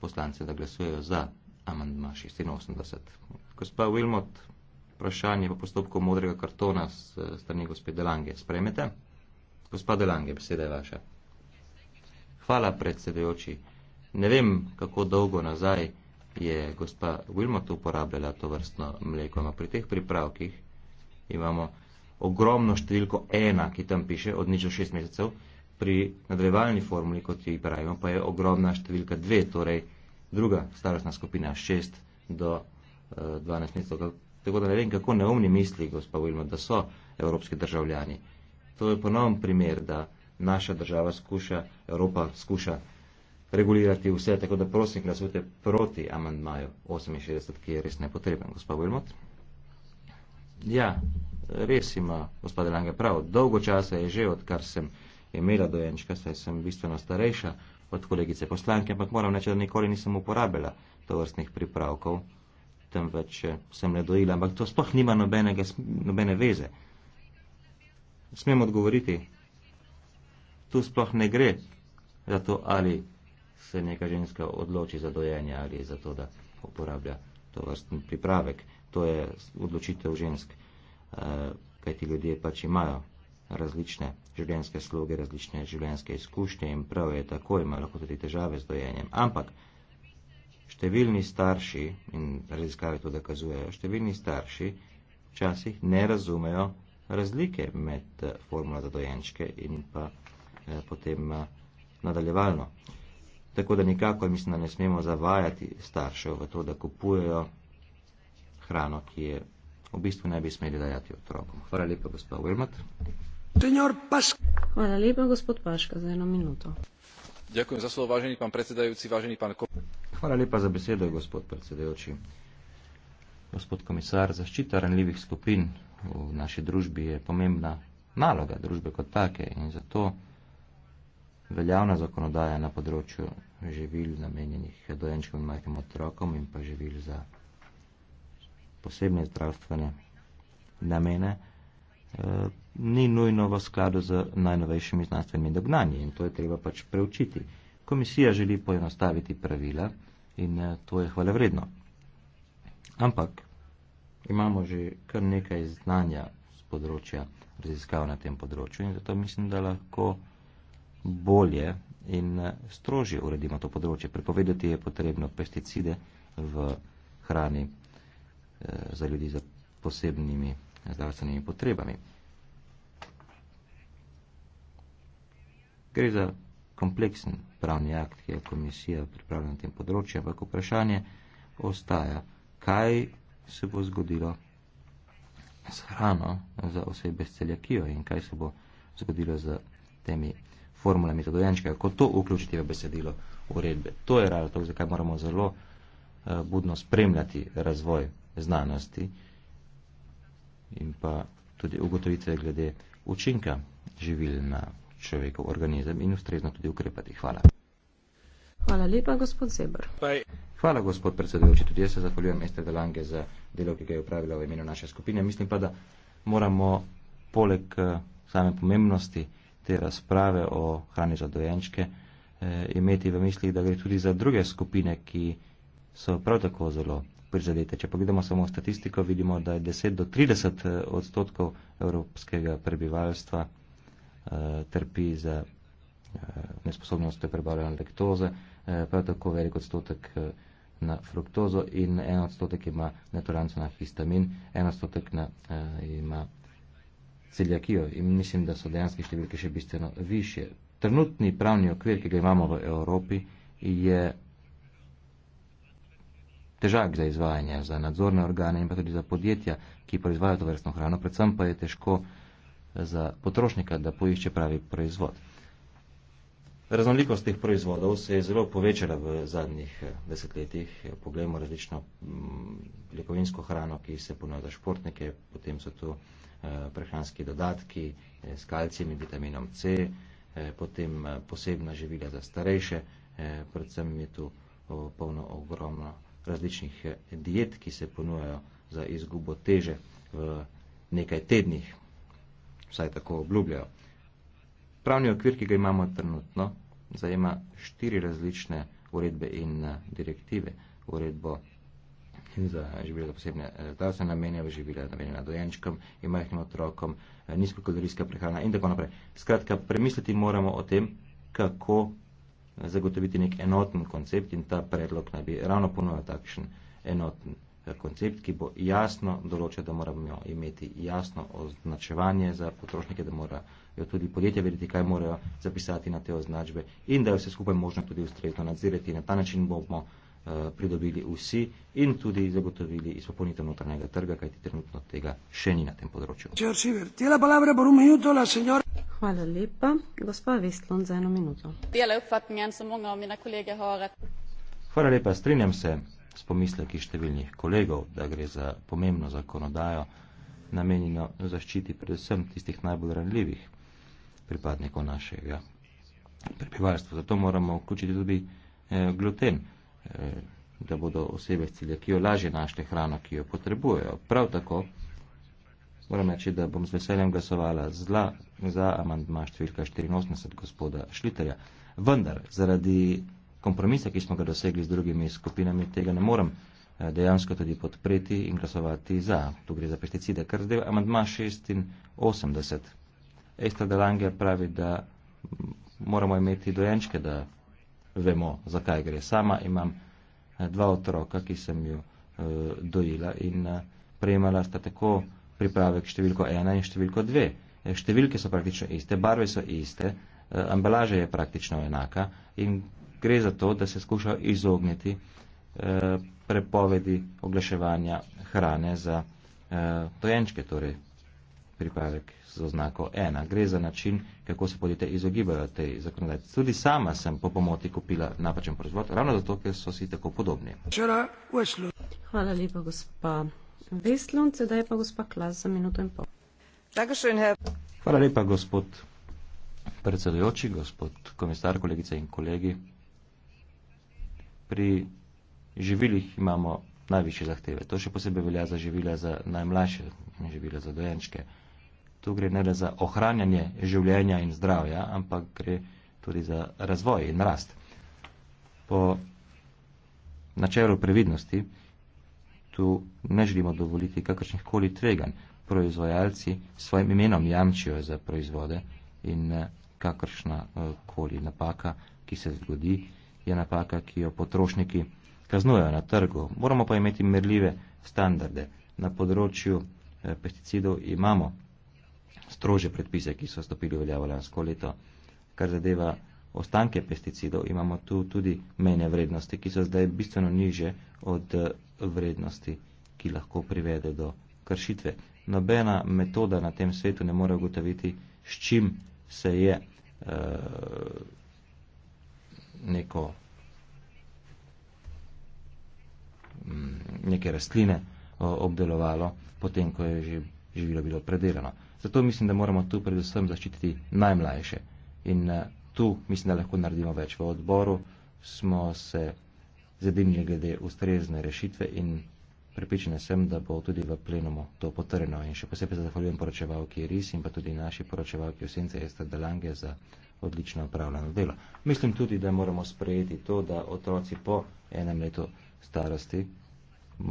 poslance, da glasujejo za amandma 86. Gospa Wilmot, vprašanje po postopku modrega kartona s strani gospe Delange. Spremete? Gospa Delange, beseda je vaša. Hvala predsedujoči. Ne vem, kako dolgo nazaj je gospa Wilmot uporabljala to vrstno mleko. No, pri teh pripravkih imamo ogromno številko ena, ki tam piše, od nič do šest mesecev. Pri nadaljevalni formuli, kot ji pravimo, pa je ogromna številka dve, torej druga starostna skupina, šest do eh, dvanajst uh, mesecev. Tako da ne vem, kako neumni misli gospa Wilmot, da so evropski državljani. To je ponovno primer, da naša država skuša, Evropa skuša regulirati vse, tako da prosim, glasujte proti amandmaju 68, ki je res nepotreben, gospod Vilmot. Ja, res ima gospod Lange prav. Dolgo časa je že, odkar sem imela dojenčka, saj sem bistveno starejša od kolegice poslanke, ampak moram reči, da nikoli nisem uporabila tovrstnih pripravkov, temveč eh, sem le dojila, ampak to sploh nima nobenega, nobene veze. Smem odgovoriti, tu sploh ne gre za to ali se neka ženska odloči za dojenje ali za to, da uporablja to vrstni pripravek. To je odločitev žensk, eh, kaj ti ljudje pač imajo različne življenjske sloge, različne življenjske izkušnje in prav je tako, ima lahko tudi težave z dojenjem. Ampak številni starši, in raziskave to dokazujejo, številni starši včasih ne razumejo razlike med eh, formula za dojenčke in pa eh, potem eh, nadaljevalno. Eh, Tako da nikakor mislim, da ne smemo zavajati staršev v to, da kupujejo hrano, ki je v bistvu ne bi smeli dajati otrokom. Hvala lepa, gospod Wilmot. Hvala lepa, gospod Paška, za eno minuto. Ďakujem za slovo, vážený pán predsedajúci, vážený pán Ko... Hvala lepa za besedo, gospod predsedajúci. Gospod komisar, zaščita ranljivih skupin v naši družbi je pomembna naloga družbe kot take in zato Veljavna zakonodaja na področju živil namenjenih dojenčkom in majhnim otrokom in pa živil za posebne zdravstvene namene eh, ni nujno v skladu z najnovejšimi znanstvenimi dognanji in to je treba pač preučiti. Komisija želi poenostaviti pravila in eh, to je hvalevredno. Ampak imamo že kar nekaj znanja z področja raziskav na tem področju in zato mislim, da lahko bolje in strožje uredimo to področje. Prepovedati je potrebno pesticide v hrani eh, za ljudi za posebnimi zdravstvenimi potrebami. Gre za kompleksen pravni akt, ki je komisija pripravljena na tem področju, ampak vprašanje ostaja, kaj se bo zgodilo s hrano za osebe s celjakijo in kaj se bo zgodilo z temi formulami za dojenčke, kako to vključiti v besedilo uredbe. To je razlog, zakaj moramo zelo eh, budno spremljati razvoj znanosti in pa tudi ugotovitve glede učinka živil na človekov organizem in ustrezno tudi ukrepati. Hvala. Hvala lepa, gospod Zebr. Hvala, gospod predsedujoči. Tudi jaz se zahvaljujem Ester Delange za delo, ki ga je upravila v imenu naše skupine. Mislim pa, da moramo poleg eh, same pomembnosti te razprave o hrani za dojenčke eh, imeti v mislih, da gre tudi za druge skupine, ki so prav tako zelo prizadete. Če pogledamo samo statistiko, vidimo, da je 10 do 30 eh, odstotkov evropskega prebivalstva eh, trpi za nesposobnost prebavljanja lektoze, prav tako velik odstotek na fruktozo in en odstotek ima netolerancu na histamin, en odstotek na, ima celjakijo in mislim, da so dejanske številke še bistveno više. Trenutni pravni okvir, ki ga imamo v Evropi, je težak za izvajanje, za nadzorne organe in pa tudi za podjetja, ki proizvajajo to vrstno hrano, predvsem pa je težko za potrošnika, da poišče pravi proizvod. Raznolikost teh proizvodov se je zelo povečala v zadnjih eh, desetletjih. Poglejmo različno mm, lekovinsko hrano, ki se ponuja za športnike, potem so tu uh, Eh, prehranski dodatki eh, s kalcijem in vitaminom C, eh, potem posebna živila za starejše, predvsem je tu polno ogromno različnih diet, ki se ponujajo za izgubo teže v nekaj tednih, vsaj tako obljubljajo. Pravni okvir, ki ga imamo trenutno, zajema štiri različne uredbe in direktive. Uredbo in za živila posebne eh, zdravstva, namenjava živila, namenjena dojenčkom in majhnim otrokom, eh, nizkokalorijska prehrana in tako naprej. Skratka, premisliti moramo o tem, kako eh, zagotoviti nek enoten koncept in ta predlog naj bi ravno ponujal takšen enoten koncept, ki bo jasno določil, da moramo imeti jasno označevanje za potrošnike, da morajo tudi podjetja vedeti, kaj morajo zapisati na te označbe in da je vse skupaj možno tudi ustrezno nadzirati. Na ta način bomo Eh, pridobili vsi in tudi zagotovili izpopolnitev notranjega trga, kajti trenutno tega še ni na tem področju. Hvala lepa. Gospa Vestlund za eno minuto. Hvala lepa. Strinjam se s pomisleki številnih kolegov, da gre za pomembno zakonodajo namenjeno zaščiti predvsem tistih najbolj ranljivih pripadnikov našega prebivalstva. Zato moramo vključiti tudi eh, gluten. Eh, da bodo osebe s celjakijo lažje našle hrano, ki jo potrebujejo. Prav tako moram reči, da bom z veseljem glasovala zla za amandma številka 84 gospoda Šliterja. Vendar, zaradi kompromisa, ki smo ga dosegli z drugimi skupinami, tega ne morem eh, dejansko tudi podpreti in glasovati za. Tu gre za pesticide. Kar zdaj amandma 86. Estra Delange pravi, da moramo imeti dojenčke, da vemo, zakaj gre. Sama imam eh, dva otroka, ki sem ju uh, dojila in uh, prejemala sta tako priprave k številko ena in številko dve. Številke so praktično iste, barve so iste, uh, ambalaža je praktično enaka in gre za to, da se skuša izogniti uh, prepovedi oglaševanja hrane za uh, dojenčke. Torej pripravek z oznako ena. Gre za način, kako se podjetja izogibajo tej zakonodaji. Tudi sama sem po pomoti kupila napačen proizvod, ravno zato, ker so si tako podobni. Hvala lepa, gospa Veslund. Sedaj pa gospa Klas za minuto in pol. Hvala lepa, gospod predsedujoči, gospod komisar, kolegice in kolegi. Pri živilih imamo najviše zahteve. To še posebej velja za živila za najmlajše, živila za dojenčke tu gre ne le za ohranjanje življenja in zdravja, ampak gre tudi za razvoj in rast. Po načelu previdnosti tu ne želimo dovoliti kakršnih koli tvegan. Proizvajalci svojim imenom jamčijo za proizvode in eh, kakršna koli napaka, ki se zgodi, je napaka, ki jo potrošniki kaznujejo na trgu. Moramo pa imeti merljive standarde. Na področju eh, pesticidov imamo strože predpise, ki so stopili v veljavo lansko leto. Kar zadeva ostanke pesticidov, imamo tu tudi menje vrednosti, ki so zdaj bistveno niže od vrednosti, ki lahko privede do kršitve. Nobena metoda na tem svetu ne more ugotoviti, s čim se je uh, neko, mm, neke rastline eh, obdelovalo, potem ko je živilo bilo predelano. Zato mislim, da moramo tu predvsem zaščititi najmlajše. In eh, tu mislim, da lahko naredimo več. V odboru smo se zedinili glede ustrezne rešitve in prepričana sem, da bo tudi v plenumu to potrjeno. In še posebej se zahvaljujem poročevalki RIS in pa tudi naši poročevalki Osence Ester Delange za odlično upravljeno delo. Mislim tudi, da moramo sprejeti to, da otroci po enem letu starosti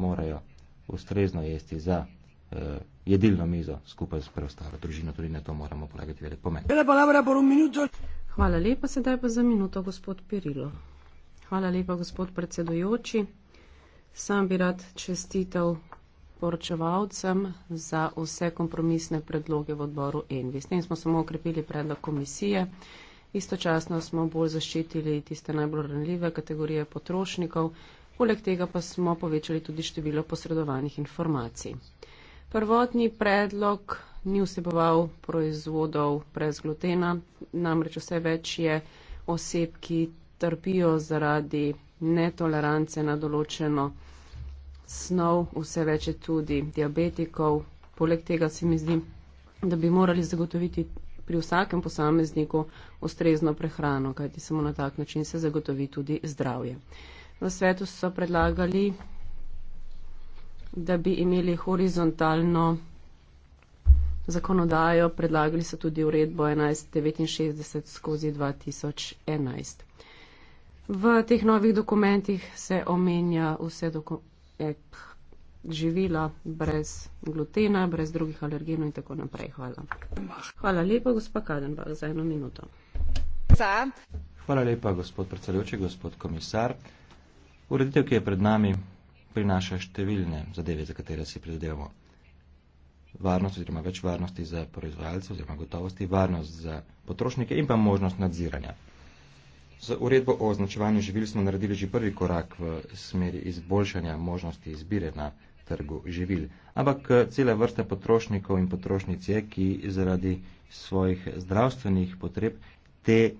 morajo ustrezno jesti za. Eh, jedilno mizo skupaj s preostalo družino, tudi na to moramo polagati velik pomen. Hvala lepa, sedaj pa za minuto, gospod Pirilo. Hvala lepa, gospod predsedujoči. Sam bi rad čestitev poročevalcem za vse kompromisne predloge v odboru Envi. S tem smo samo okrepili predlog komisije. Istočasno smo bolj zaščitili tiste najbolj ranljive kategorije potrošnikov, poleg tega pa smo povečali tudi število posredovanih informacij. Prvotni predlog ni vseboval proizvodov brez glutena, namreč vse več je oseb, ki trpijo zaradi netolerance na določeno snov, vse več je tudi diabetikov. Poleg tega se mi zdi, da bi morali zagotoviti pri vsakem posamezniku ustrezno prehrano, kajti samo na tak način se zagotovi tudi zdravje. V svetu so predlagali da bi imeli horizontalno zakonodajo, predlagali so tudi uredbo 1169 skozi 2011. V teh novih dokumentih se omenja vse eh, živila brez glutena, brez drugih alergenov in tako naprej. Hvala. Hvala lepa, gospod Kadenbach, za eno minuto. Za. Hvala lepa, gospod predsedujoči, gospod komisar. Ureditev, ki je pred nami, prinaša številne zadeve, za katere si prizadevamo. Varnost oziroma več varnosti za proizvajalce oziroma gotovosti, varnost za potrošnike in pa možnost nadziranja. Z uredbo o označevanju živil smo naredili že prvi korak v smeri izboljšanja možnosti izbire na trgu živil. Ampak cela vrsta potrošnikov in potrošnic je, ki zaradi svojih zdravstvenih potreb te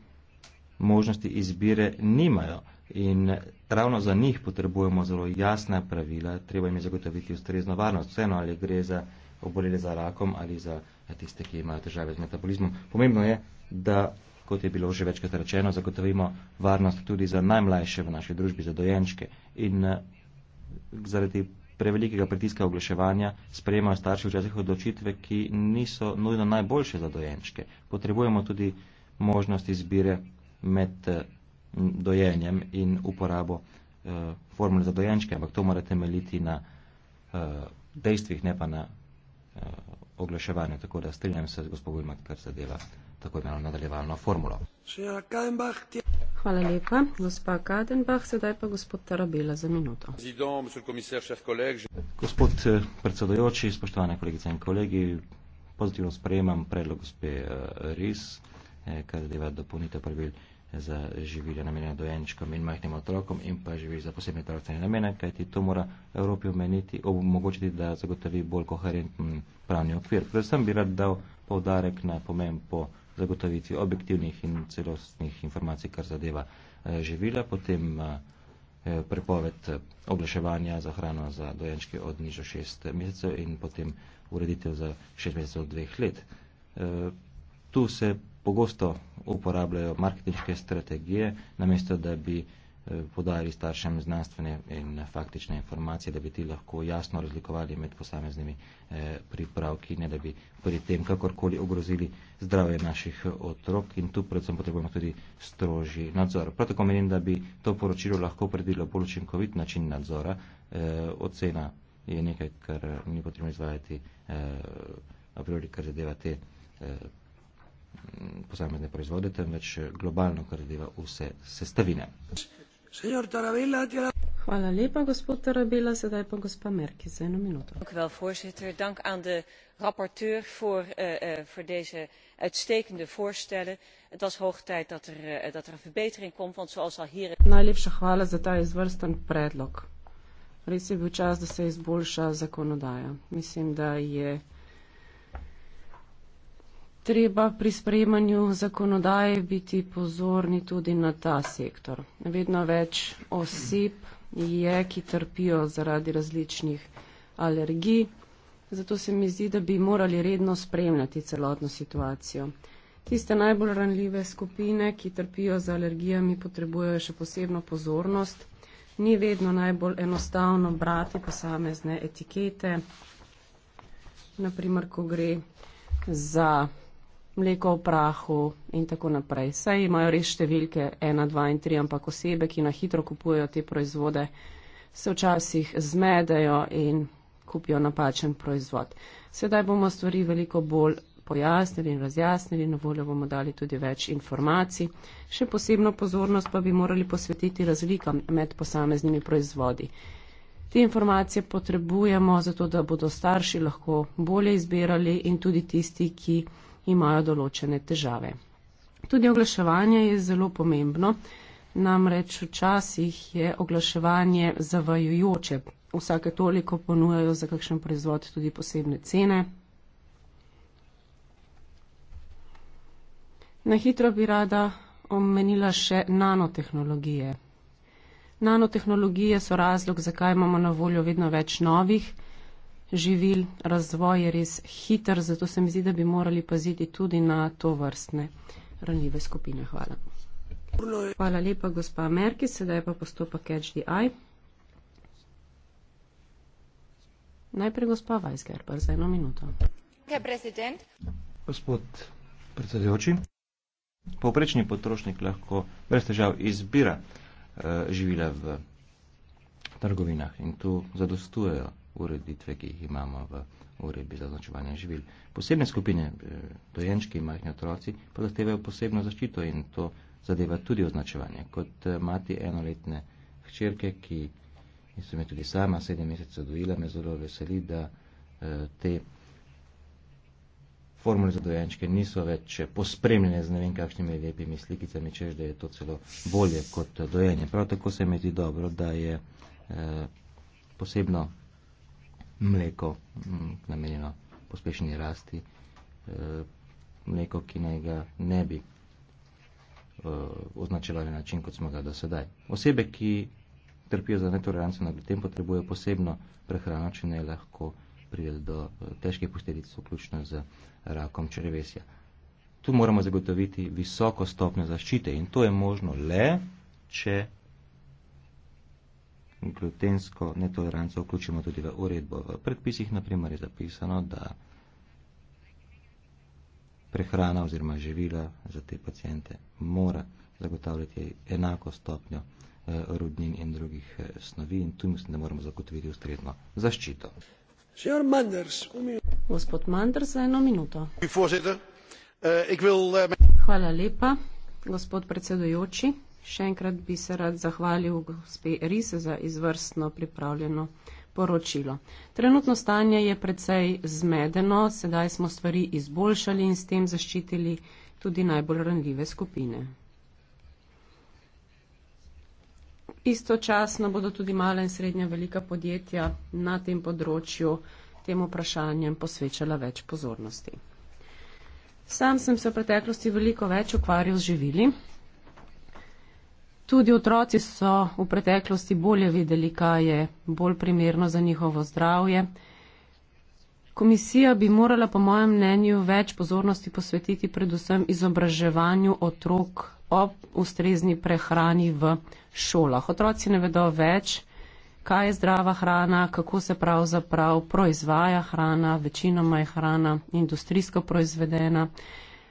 možnosti izbire nimajo. In Ravno za njih potrebujemo zelo jasna pravila, treba jim zagotoviti ustrezno varnost, vseeno ali gre za obolele za rakom ali za tiste, ki imajo težave z metabolizmom. Pomembno je, da, kot je bilo že večkrat rečeno, zagotovimo varnost tudi za najmlajše v naši družbi, za dojenčke. In eh, zaradi prevelikega pritiska oglaševanja sprejemajo starši včasih odločitve, ki niso nujno najboljše za dojenčke. Potrebujemo tudi možnost izbire med eh, dojenjem in uporabo eh, formule za dojenčke, ampak to morate temeljiti na eh, dejstvih, ne pa na eh, oglaševanju. Tako da strinjam se z gospodom, kar zadeva tako imenovano nadaljevalno formulo. Hvala lepa, gospa Kadenbach, sedaj pa gospod Tarabela za minuto. Gospod eh, predsedojoči, spoštovane kolegice in kolegi, pozitivno sprejemam predlog gospe eh, Ris, eh, kar zadeva dopolnitev pravil za živila namenjena dojenčkom in majhnim otrokom in pa živi za posebne zdravstvene namene, kajti to mora Evropi omeniti, omogočiti, da zagotovi bolj koherenten pravni okvir. Predvsem bi rad dal povdarek na pomen po zagotovitvi objektivnih in celostnih informacij, kar zadeva eh, živila, potem eh, eh, prepoved oglaševanja za hrano za dojenčke od nižjo šest mesecev in potem ureditev za šest mesecev od dveh let. Tu se pogosto uporabljajo marketinške strategije, namesto da bi eh, podali staršem znanstvene in faktične informacije, da bi ti lahko jasno razlikovali med posameznimi eh, pripravki, ne da bi pri tem kakorkoli ogrozili zdravje naših otrok in tu predvsem potrebujemo tudi strožji nadzor. Prav tako menim, da bi to poročilo lahko predvidelo bolj učinkovit način nadzora. Eh, ocena je nekaj, kar ni potrebno izvajati, a priori, kar zadeva te posamezne proizvode, temveč globalno, kar zadeva vse sestavine. Hvala lepa, gospod Tarabela. Sedaj pa gospa Merki za eno minuto. Rapporteur voor, uh, uh, voor deze uitstekende voorstellen. Het was hoog tijd dat er, uh, dat er een verbetering komt, want zoals al hier. Najlepša hvala za ta izvrsten predlog. Res je bil čas, da se izboljša zakonodaja. Mislim, da je treba pri sprejemanju zakonodaje biti pozorni tudi na ta sektor. Vedno več oseb je, ki trpijo zaradi različnih alergij, zato se mi zdi, da bi morali redno spremljati celotno situacijo. Tiste najbolj ranljive skupine, ki trpijo z alergijami, potrebujejo še posebno pozornost. Ni vedno najbolj enostavno brati posamezne etikete, naprimer, ko gre za mleko v prahu in tako naprej. Saj imajo res številke 1, 2 in 3, ampak osebe, ki na hitro kupujejo te proizvode, se včasih zmedejo in kupijo napačen proizvod. Sedaj bomo stvari veliko bolj pojasnili in razjasnili, na voljo bomo dali tudi več informacij. Še posebno pozornost pa bi morali posvetiti razlikam med posameznimi proizvodi. Te informacije potrebujemo zato, da bodo starši lahko bolje izbirali in tudi tisti, ki imajo določene težave. Tudi oglaševanje je zelo pomembno, namreč včasih je oglaševanje zavajujoče. Vsake toliko ponujajo za kakšen proizvod tudi posebne cene. Na hitro bi rada omenila še nanotehnologije. Nanotehnologije so razlog, zakaj imamo na voljo vedno več novih živil, razvoj je res hiter, zato se mi zdi, da bi morali paziti tudi na to vrstne ranljive skupine. Hvala. Hvala lepa, gospa Merki, sedaj pa postopek HDI. Najprej gospa Weisgerber za eno minuto. Gospod predsedujoči, povprečni potrošnik lahko brez težav izbira uh, živila v trgovinah in tu zadostujejo ureditve, ki jih imamo v uredbi za označevanje živil. Posebne skupine, eh, dojenčki in majhni otroci, pa zahtevajo posebno zaščito in to zadeva tudi označevanje. Kot eh, mati enoletne hčerke, ki so me tudi sama sedem mesecev dojila, me zelo veseli, da eh, te formule za dojenčke niso več pospremljene z ne vem kakšnimi lepimi slikicami, čež da je to celo bolje kot dojenje. Prav tako se mi zdi dobro, da je posebno mleko, mm, namenjeno pospešeni rasti, eh, mleko, ki naj ga ne bi eh, označilo na način, kot smo ga do sedaj. Osebe, ki trpijo za netolerancijo na gluten, potrebujejo posebno prehrano, če ne lahko pride do eh, težkih posledic, vključno z rakom črevesja. Tu moramo zagotoviti visoko stopnjo zaščite in to je možno le, če glutensko netoleranco vključimo tudi v uredbo. V predpisih naprimer je zapisano, da prehrana oziroma živila za te pacijente mora zagotavljati enako stopnjo eh, rudnin in drugih eh, snovi in tu mislim, da moramo zagotoviti ustredno zaščito. Manders, Gospod Manders, za eno minuto. Eh, Hvala lepa, gospod predsedujoči. Še enkrat bi se rad zahvalil gospe Rise za izvrstno pripravljeno poročilo. Trenutno stanje je precej zmedeno, sedaj smo stvari izboljšali in s tem zaščitili tudi najbolj ranljive skupine. Istočasno bodo tudi mala in srednja velika podjetja na tem področju tem vprašanjem posvečala več pozornosti. Sam sem se v preteklosti veliko več ukvarjal z živili. Tudi otroci so v preteklosti bolje videli, kaj je bolj primerno za njihovo zdravje. Komisija bi morala, po mojem mnenju, več pozornosti posvetiti predvsem izobraževanju otrok o ustrezni prehrani v šolah. Otroci ne vedo več, kaj je zdrava hrana, kako se pravzaprav proizvaja hrana, večinoma je hrana industrijsko proizvedena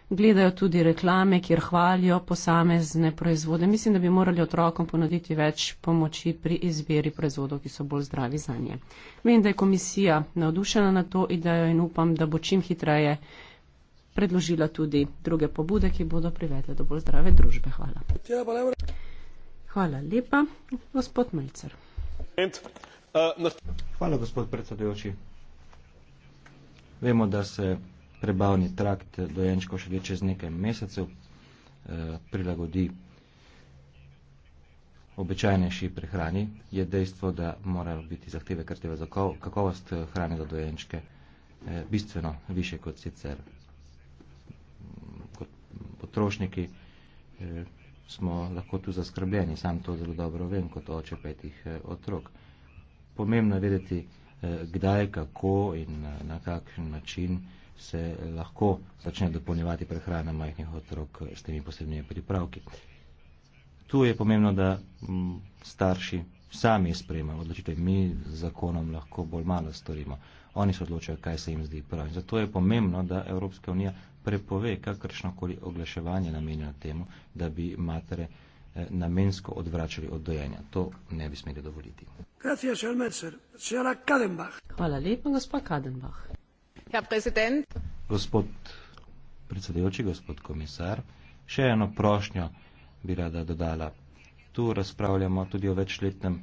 gledajo tudi reklame, kjer hvalijo posamezne proizvode. Mislim, da bi morali otrokom ponuditi več pomoči pri izbiri proizvodov, ki so bolj zdravi za nje. Vem, da je komisija navdušena na to idejo in upam, da bo čim hitreje predložila tudi druge pobude, ki bodo privedle do bolj zdrave družbe. Hvala. Hvala lepa, gospod Malcer. Hvala, gospod predsedujoči. Vemo, da se prebavni trakt dojenčkov še čez nekaj mesecev eh, prilagodi običajnejši prehrani, je dejstvo, da morajo biti zahteve krteve za kakovost eh, hrane za dojenčke eh, bistveno više kot sicer. Kot potrošniki smo lahko tu zaskrbljeni, sam to zelo dobro vem kot oče petih otrok. Pomembno je vedeti, kdaj, kako in na kakšen način se lahko začne dopolnjevati prehrana majhnih otrok s temi posebnimi pripravki. Tu je pomembno, da mm, starši sami sprejemajo odločitve, mi z zakonom lahko bolj malo storimo. Oni se odločajo, kaj se jim zdi prav. In zato je pomembno, da Evropska unija prepove kakršnokoli oglaševanje namenjeno temu, da bi matere eh, namensko odvračali od dojenja. To ne bi smeli dovoliti. Hvala lepa, gospod Kadenbach. Herr Präsident. Gospod predsedujoči, gospod komisar, še eno prošnjo bi rada dodala. Tu razpravljamo tudi o večletnem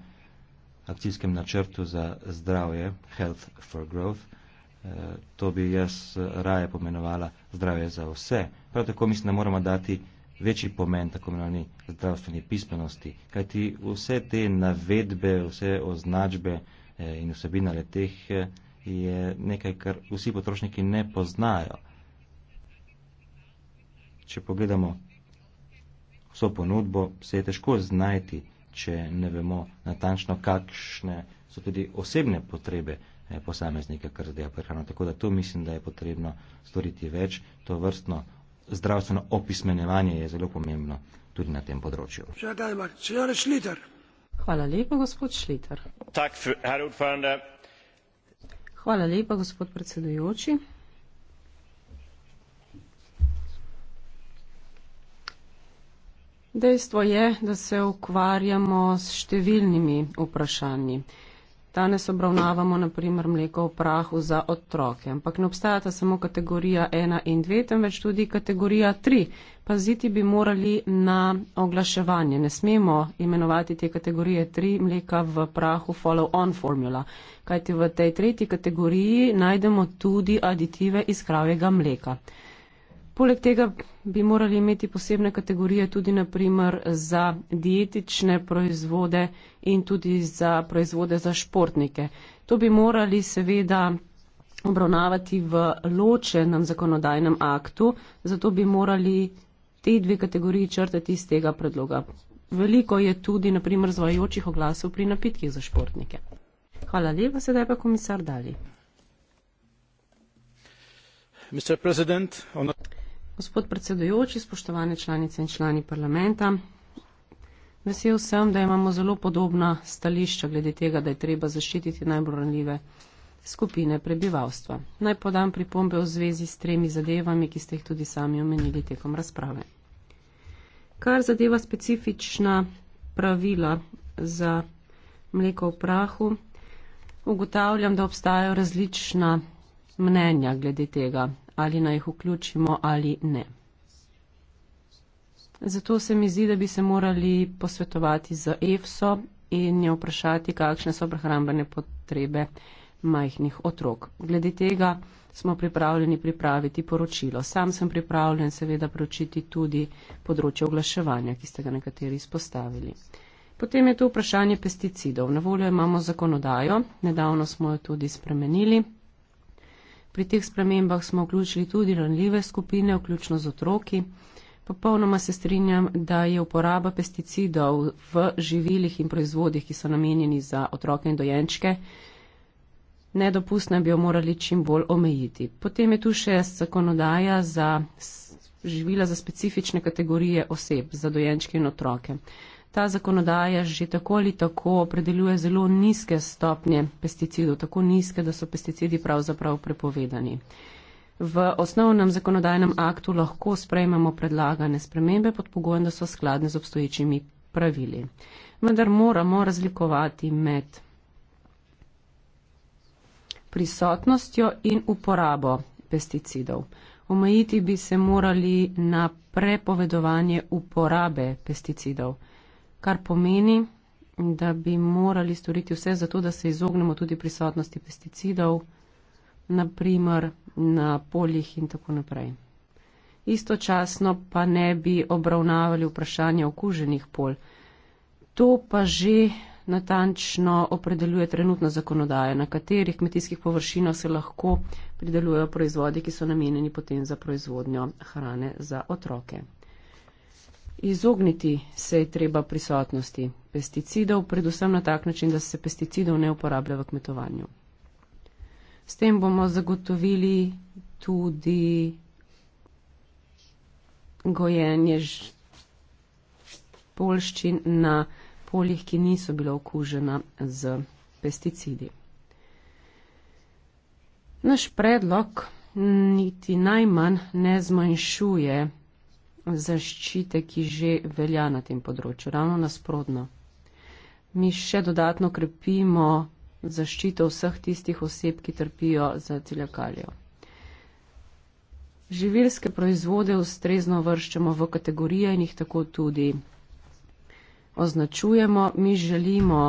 akcijskem načrtu za zdravje, Health for Growth. Eh, to bi jaz raje pomenovala zdravje za vse. Prav tako mislim, da moramo dati večji pomen tako imenovani zdravstveni pismenosti, kajti vse te navedbe, vse označbe eh, in vsebina le teh eh, je nekaj, kar vsi potrošniki ne poznajo. Če pogledamo vso ponudbo, se je težko znajti, če ne vemo natančno, kakšne so tudi osebne potrebe eh, posameznika, kar zadeva prehrano. Tako da tu mislim, da je potrebno storiti več. To vrstno zdravstveno opismenevanje je zelo pomembno tudi na tem področju. Hvala lepa, gospod Šliter. Tak, herr Odfrende. Hvala lepa, gospod predsedujoči. Dejstvo je, da se ukvarjamo s številnimi vprašanji. Danes obravnavamo naprimer mleko v prahu za otroke, ampak ne obstajata samo kategorija 1 in 2, temveč tudi kategorija 3. Paziti bi morali na oglaševanje. Ne smemo imenovati te kategorije 3 mleka v prahu follow-on formula, kajti v tej tretji kategoriji najdemo tudi aditive iz kravjega mleka. Poleg tega bi morali imeti posebne kategorije tudi naprimer za dietične proizvode in tudi za proizvode za športnike. To bi morali seveda obravnavati v ločenem zakonodajnem aktu, zato bi morali te dve kategoriji črtati iz tega predloga. Veliko je tudi naprimer zvajočih oglasov pri napitkih za športnike. Hvala lepa, sedaj pa komisar Dali. Mr. President, on... Gospod predsedujoči, spoštovane članice in člani parlamenta, vesel sem, da imamo zelo podobna stališča glede tega, da je treba zaščititi najbolj ranljive skupine prebivalstva. Naj podam pripombe v zvezi s tremi zadevami, ki ste jih tudi sami omenili tekom razprave. Kar zadeva specifična pravila za mleko v prahu, ugotavljam, da obstajajo različna mnenja glede tega, ali naj jih vključimo ali ne. Zato se mi zdi, da bi se morali posvetovati z EFSO in jo vprašati, kakšne so prehrambene potrebe majhnih otrok. Glede tega smo pripravljeni pripraviti poročilo. Sam sem pripravljen seveda pročiti tudi področje oglaševanja, ki ste ga nekateri izpostavili. Potem je tu vprašanje pesticidov. Na voljo imamo zakonodajo, nedavno smo jo tudi spremenili. Pri teh spremembah smo vključili tudi ranljive skupine, vključno z otroki. Popolnoma se strinjam, da je uporaba pesticidov v živilih in proizvodih, ki so namenjeni za otroke in dojenčke, nedopustna in bi jo morali čim bolj omejiti. Potem je tu še zakonodaja za živila za specifične kategorije oseb, za dojenčke in otroke ta zakonodaja že tako ali tako opredeljuje zelo nizke stopnje pesticidov, tako nizke, da so pesticidi pravzaprav prepovedani. V osnovnem zakonodajnem aktu lahko sprejmemo predlagane spremembe pod pogojem, da so skladne z obstoječimi pravili. Vendar moramo razlikovati med prisotnostjo in uporabo pesticidov. Omejiti bi se morali na prepovedovanje uporabe pesticidov kar pomeni, da bi morali storiti vse za to, da se izognemo tudi prisotnosti pesticidov, naprimer na poljih in tako naprej. Istočasno pa ne bi obravnavali vprašanja okuženih pol. To pa že natančno opredeljuje trenutna zakonodaja, na katerih kmetijskih površinah se lahko pridelujejo proizvodi, ki so namenjeni potem za proizvodnjo hrane za otroke. Izogniti se je treba prisotnosti pesticidov, predvsem na tak način, da se pesticidov ne uporablja v kmetovanju. S tem bomo zagotovili tudi gojenje polščin na poljih, ki niso bila okužena z pesticidi. Naš predlog niti najmanj ne zmanjšuje zaščite, ki že velja na tem področju. Ravno nasprotno. Mi še dodatno krepimo zaščito vseh tistih oseb, ki trpijo za celjakalijo. Živilske proizvode ustrezno vrščamo v kategorije in jih tako tudi označujemo. Mi želimo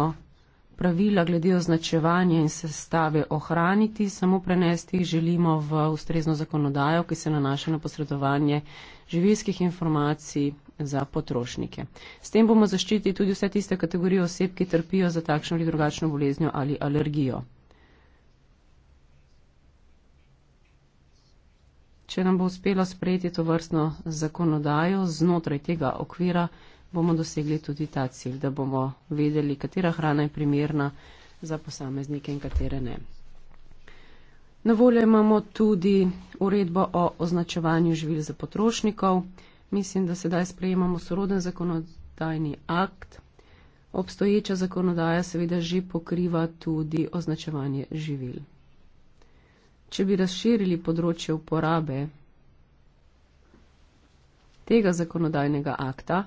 pravila glede označevanja in sestave ohraniti, samo prenesti jih želimo v ustrezno zakonodajo, ki se nanaša na posredovanje uh, živilskih informacij za potrošnike. S tem bomo zaščitili tudi vse tiste kategorije oseb, ki trpijo za takšno ali drugačno boleznjo ali alergijo. Če nam bo uspelo sprejeti to vrstno zakonodajo znotraj tega okvira, bomo dosegli tudi ta cilj, da bomo vedeli, katera hrana je primerna za posameznike in katere ne. Na voljo imamo tudi uredbo o označevanju živil za potrošnikov. Mislim, da sedaj sprejemamo soroden zakonodajni akt. Obstoječa zakonodaja seveda že pokriva tudi označevanje živil. Če bi razširili področje uporabe tega zakonodajnega akta,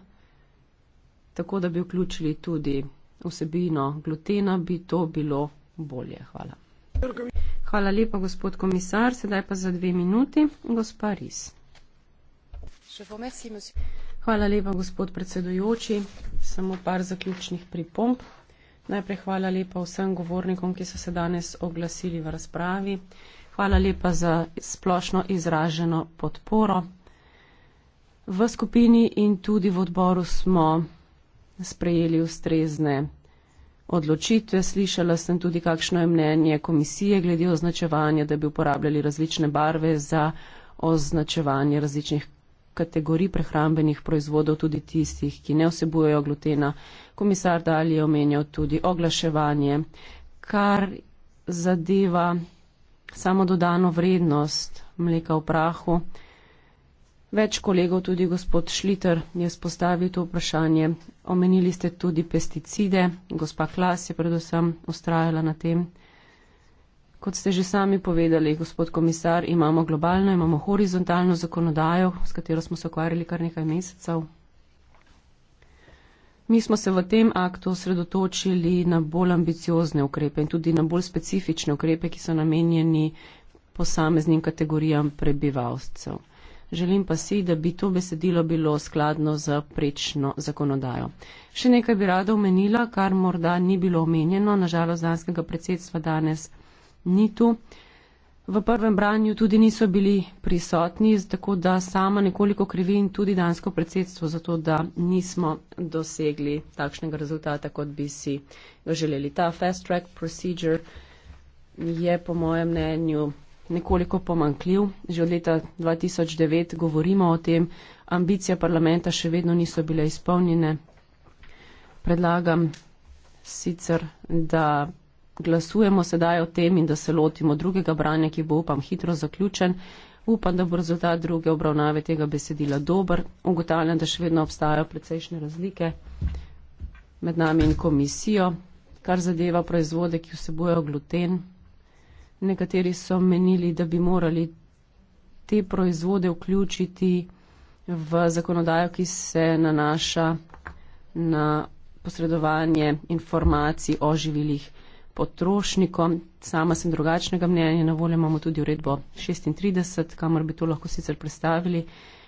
tako da bi vključili tudi vsebino glutena, bi to bilo bolje. Hvala. Hvala lepa, gospod komisar. Sedaj pa za dve minuti, gospa Ris. Hvala lepa, gospod predsedujoči. Samo par zaključnih pripomb. Najprej hvala lepa vsem govornikom, ki so se danes oglasili v razpravi. Hvala lepa za splošno izraženo podporo. V skupini in tudi v odboru smo sprejeli ustrezne odločitve. Slišala sem tudi, kakšno je mnenje komisije glede označevanja, da bi uporabljali različne barve za označevanje različnih kategorij prehrambenih proizvodov, tudi tistih, ki ne vsebujejo glutena. Komisar Dali je omenjal tudi oglaševanje, kar zadeva samo dodano vrednost mleka v prahu. Več kolegov, tudi gospod Šliter, je spostavil to vprašanje. Omenili ste tudi pesticide. Gospa Klas je predvsem ustrajala na tem. Kot ste že sami povedali, gospod komisar, imamo globalno, imamo horizontalno zakonodajo, s katero smo se okvarjali kar nekaj mesecev. Mi smo se v tem aktu osredotočili na bolj ambiciozne ukrepe in tudi na bolj specifične ukrepe, ki so namenjeni posameznim kategorijam prebivalcev. Želim pa si, da bi to besedilo bilo skladno z prečno zakonodajo. Še nekaj bi rada omenila, kar morda ni bilo omenjeno, nažalost danskega predsedstva danes ni tu. V prvem branju tudi niso bili prisotni, tako da sama nekoliko krivim tudi dansko predsedstvo za to, da nismo dosegli takšnega rezultata, kot bi si ga želeli. Ta fast track procedure je po mojem mnenju nekoliko pomankljiv. Že od leta 2009 govorimo o tem, ambicije parlamenta še vedno niso bile izpolnjene. Predlagam sicer, da glasujemo sedaj o tem in da se lotimo drugega branja, ki bo, upam, hitro zaključen. Upam, da bo rezultat druge obravnave tega besedila dober. Ugotavljam, da še vedno obstajajo precejšnje razlike med nami in komisijo, kar zadeva proizvode, ki vsebojo gluten. Nekateri so menili, da bi morali te proizvode vključiti v zakonodajo, ki se nanaša na posredovanje informacij o živilih potrošnikom. Sama sem drugačnega mnenja, na voljo imamo tudi uredbo 36, kamor bi to lahko sicer predstavili.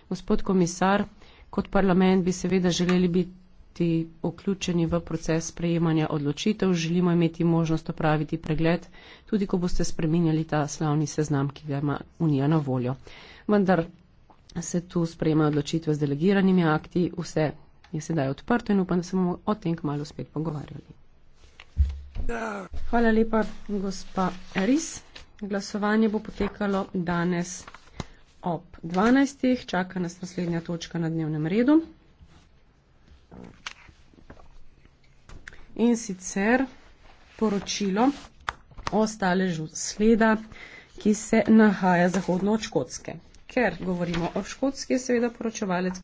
Gospod komisar, kot parlament bi seveda želeli biti biti vključeni v proces sprejemanja odločitev, želimo imeti možnost opraviti pregled, tudi ko boste spreminjali ta slavni seznam, ki ga ima Unija na voljo. Vendar se tu sprejemajo odločitve z delegiranimi akti, vse je sedaj odprto in upam, da se bomo o tem kmalo spet pogovarjali. Hvala lepa, gospa Eris. Glasovanje bo potekalo danes ob 12. Čaka nas naslednja točka na dnevnem redu. Thank you in sicer poročilo o staležu sleda, ki se nahaja zahodno od Škotske. Ker govorimo o Škotski, je seveda poročevalec.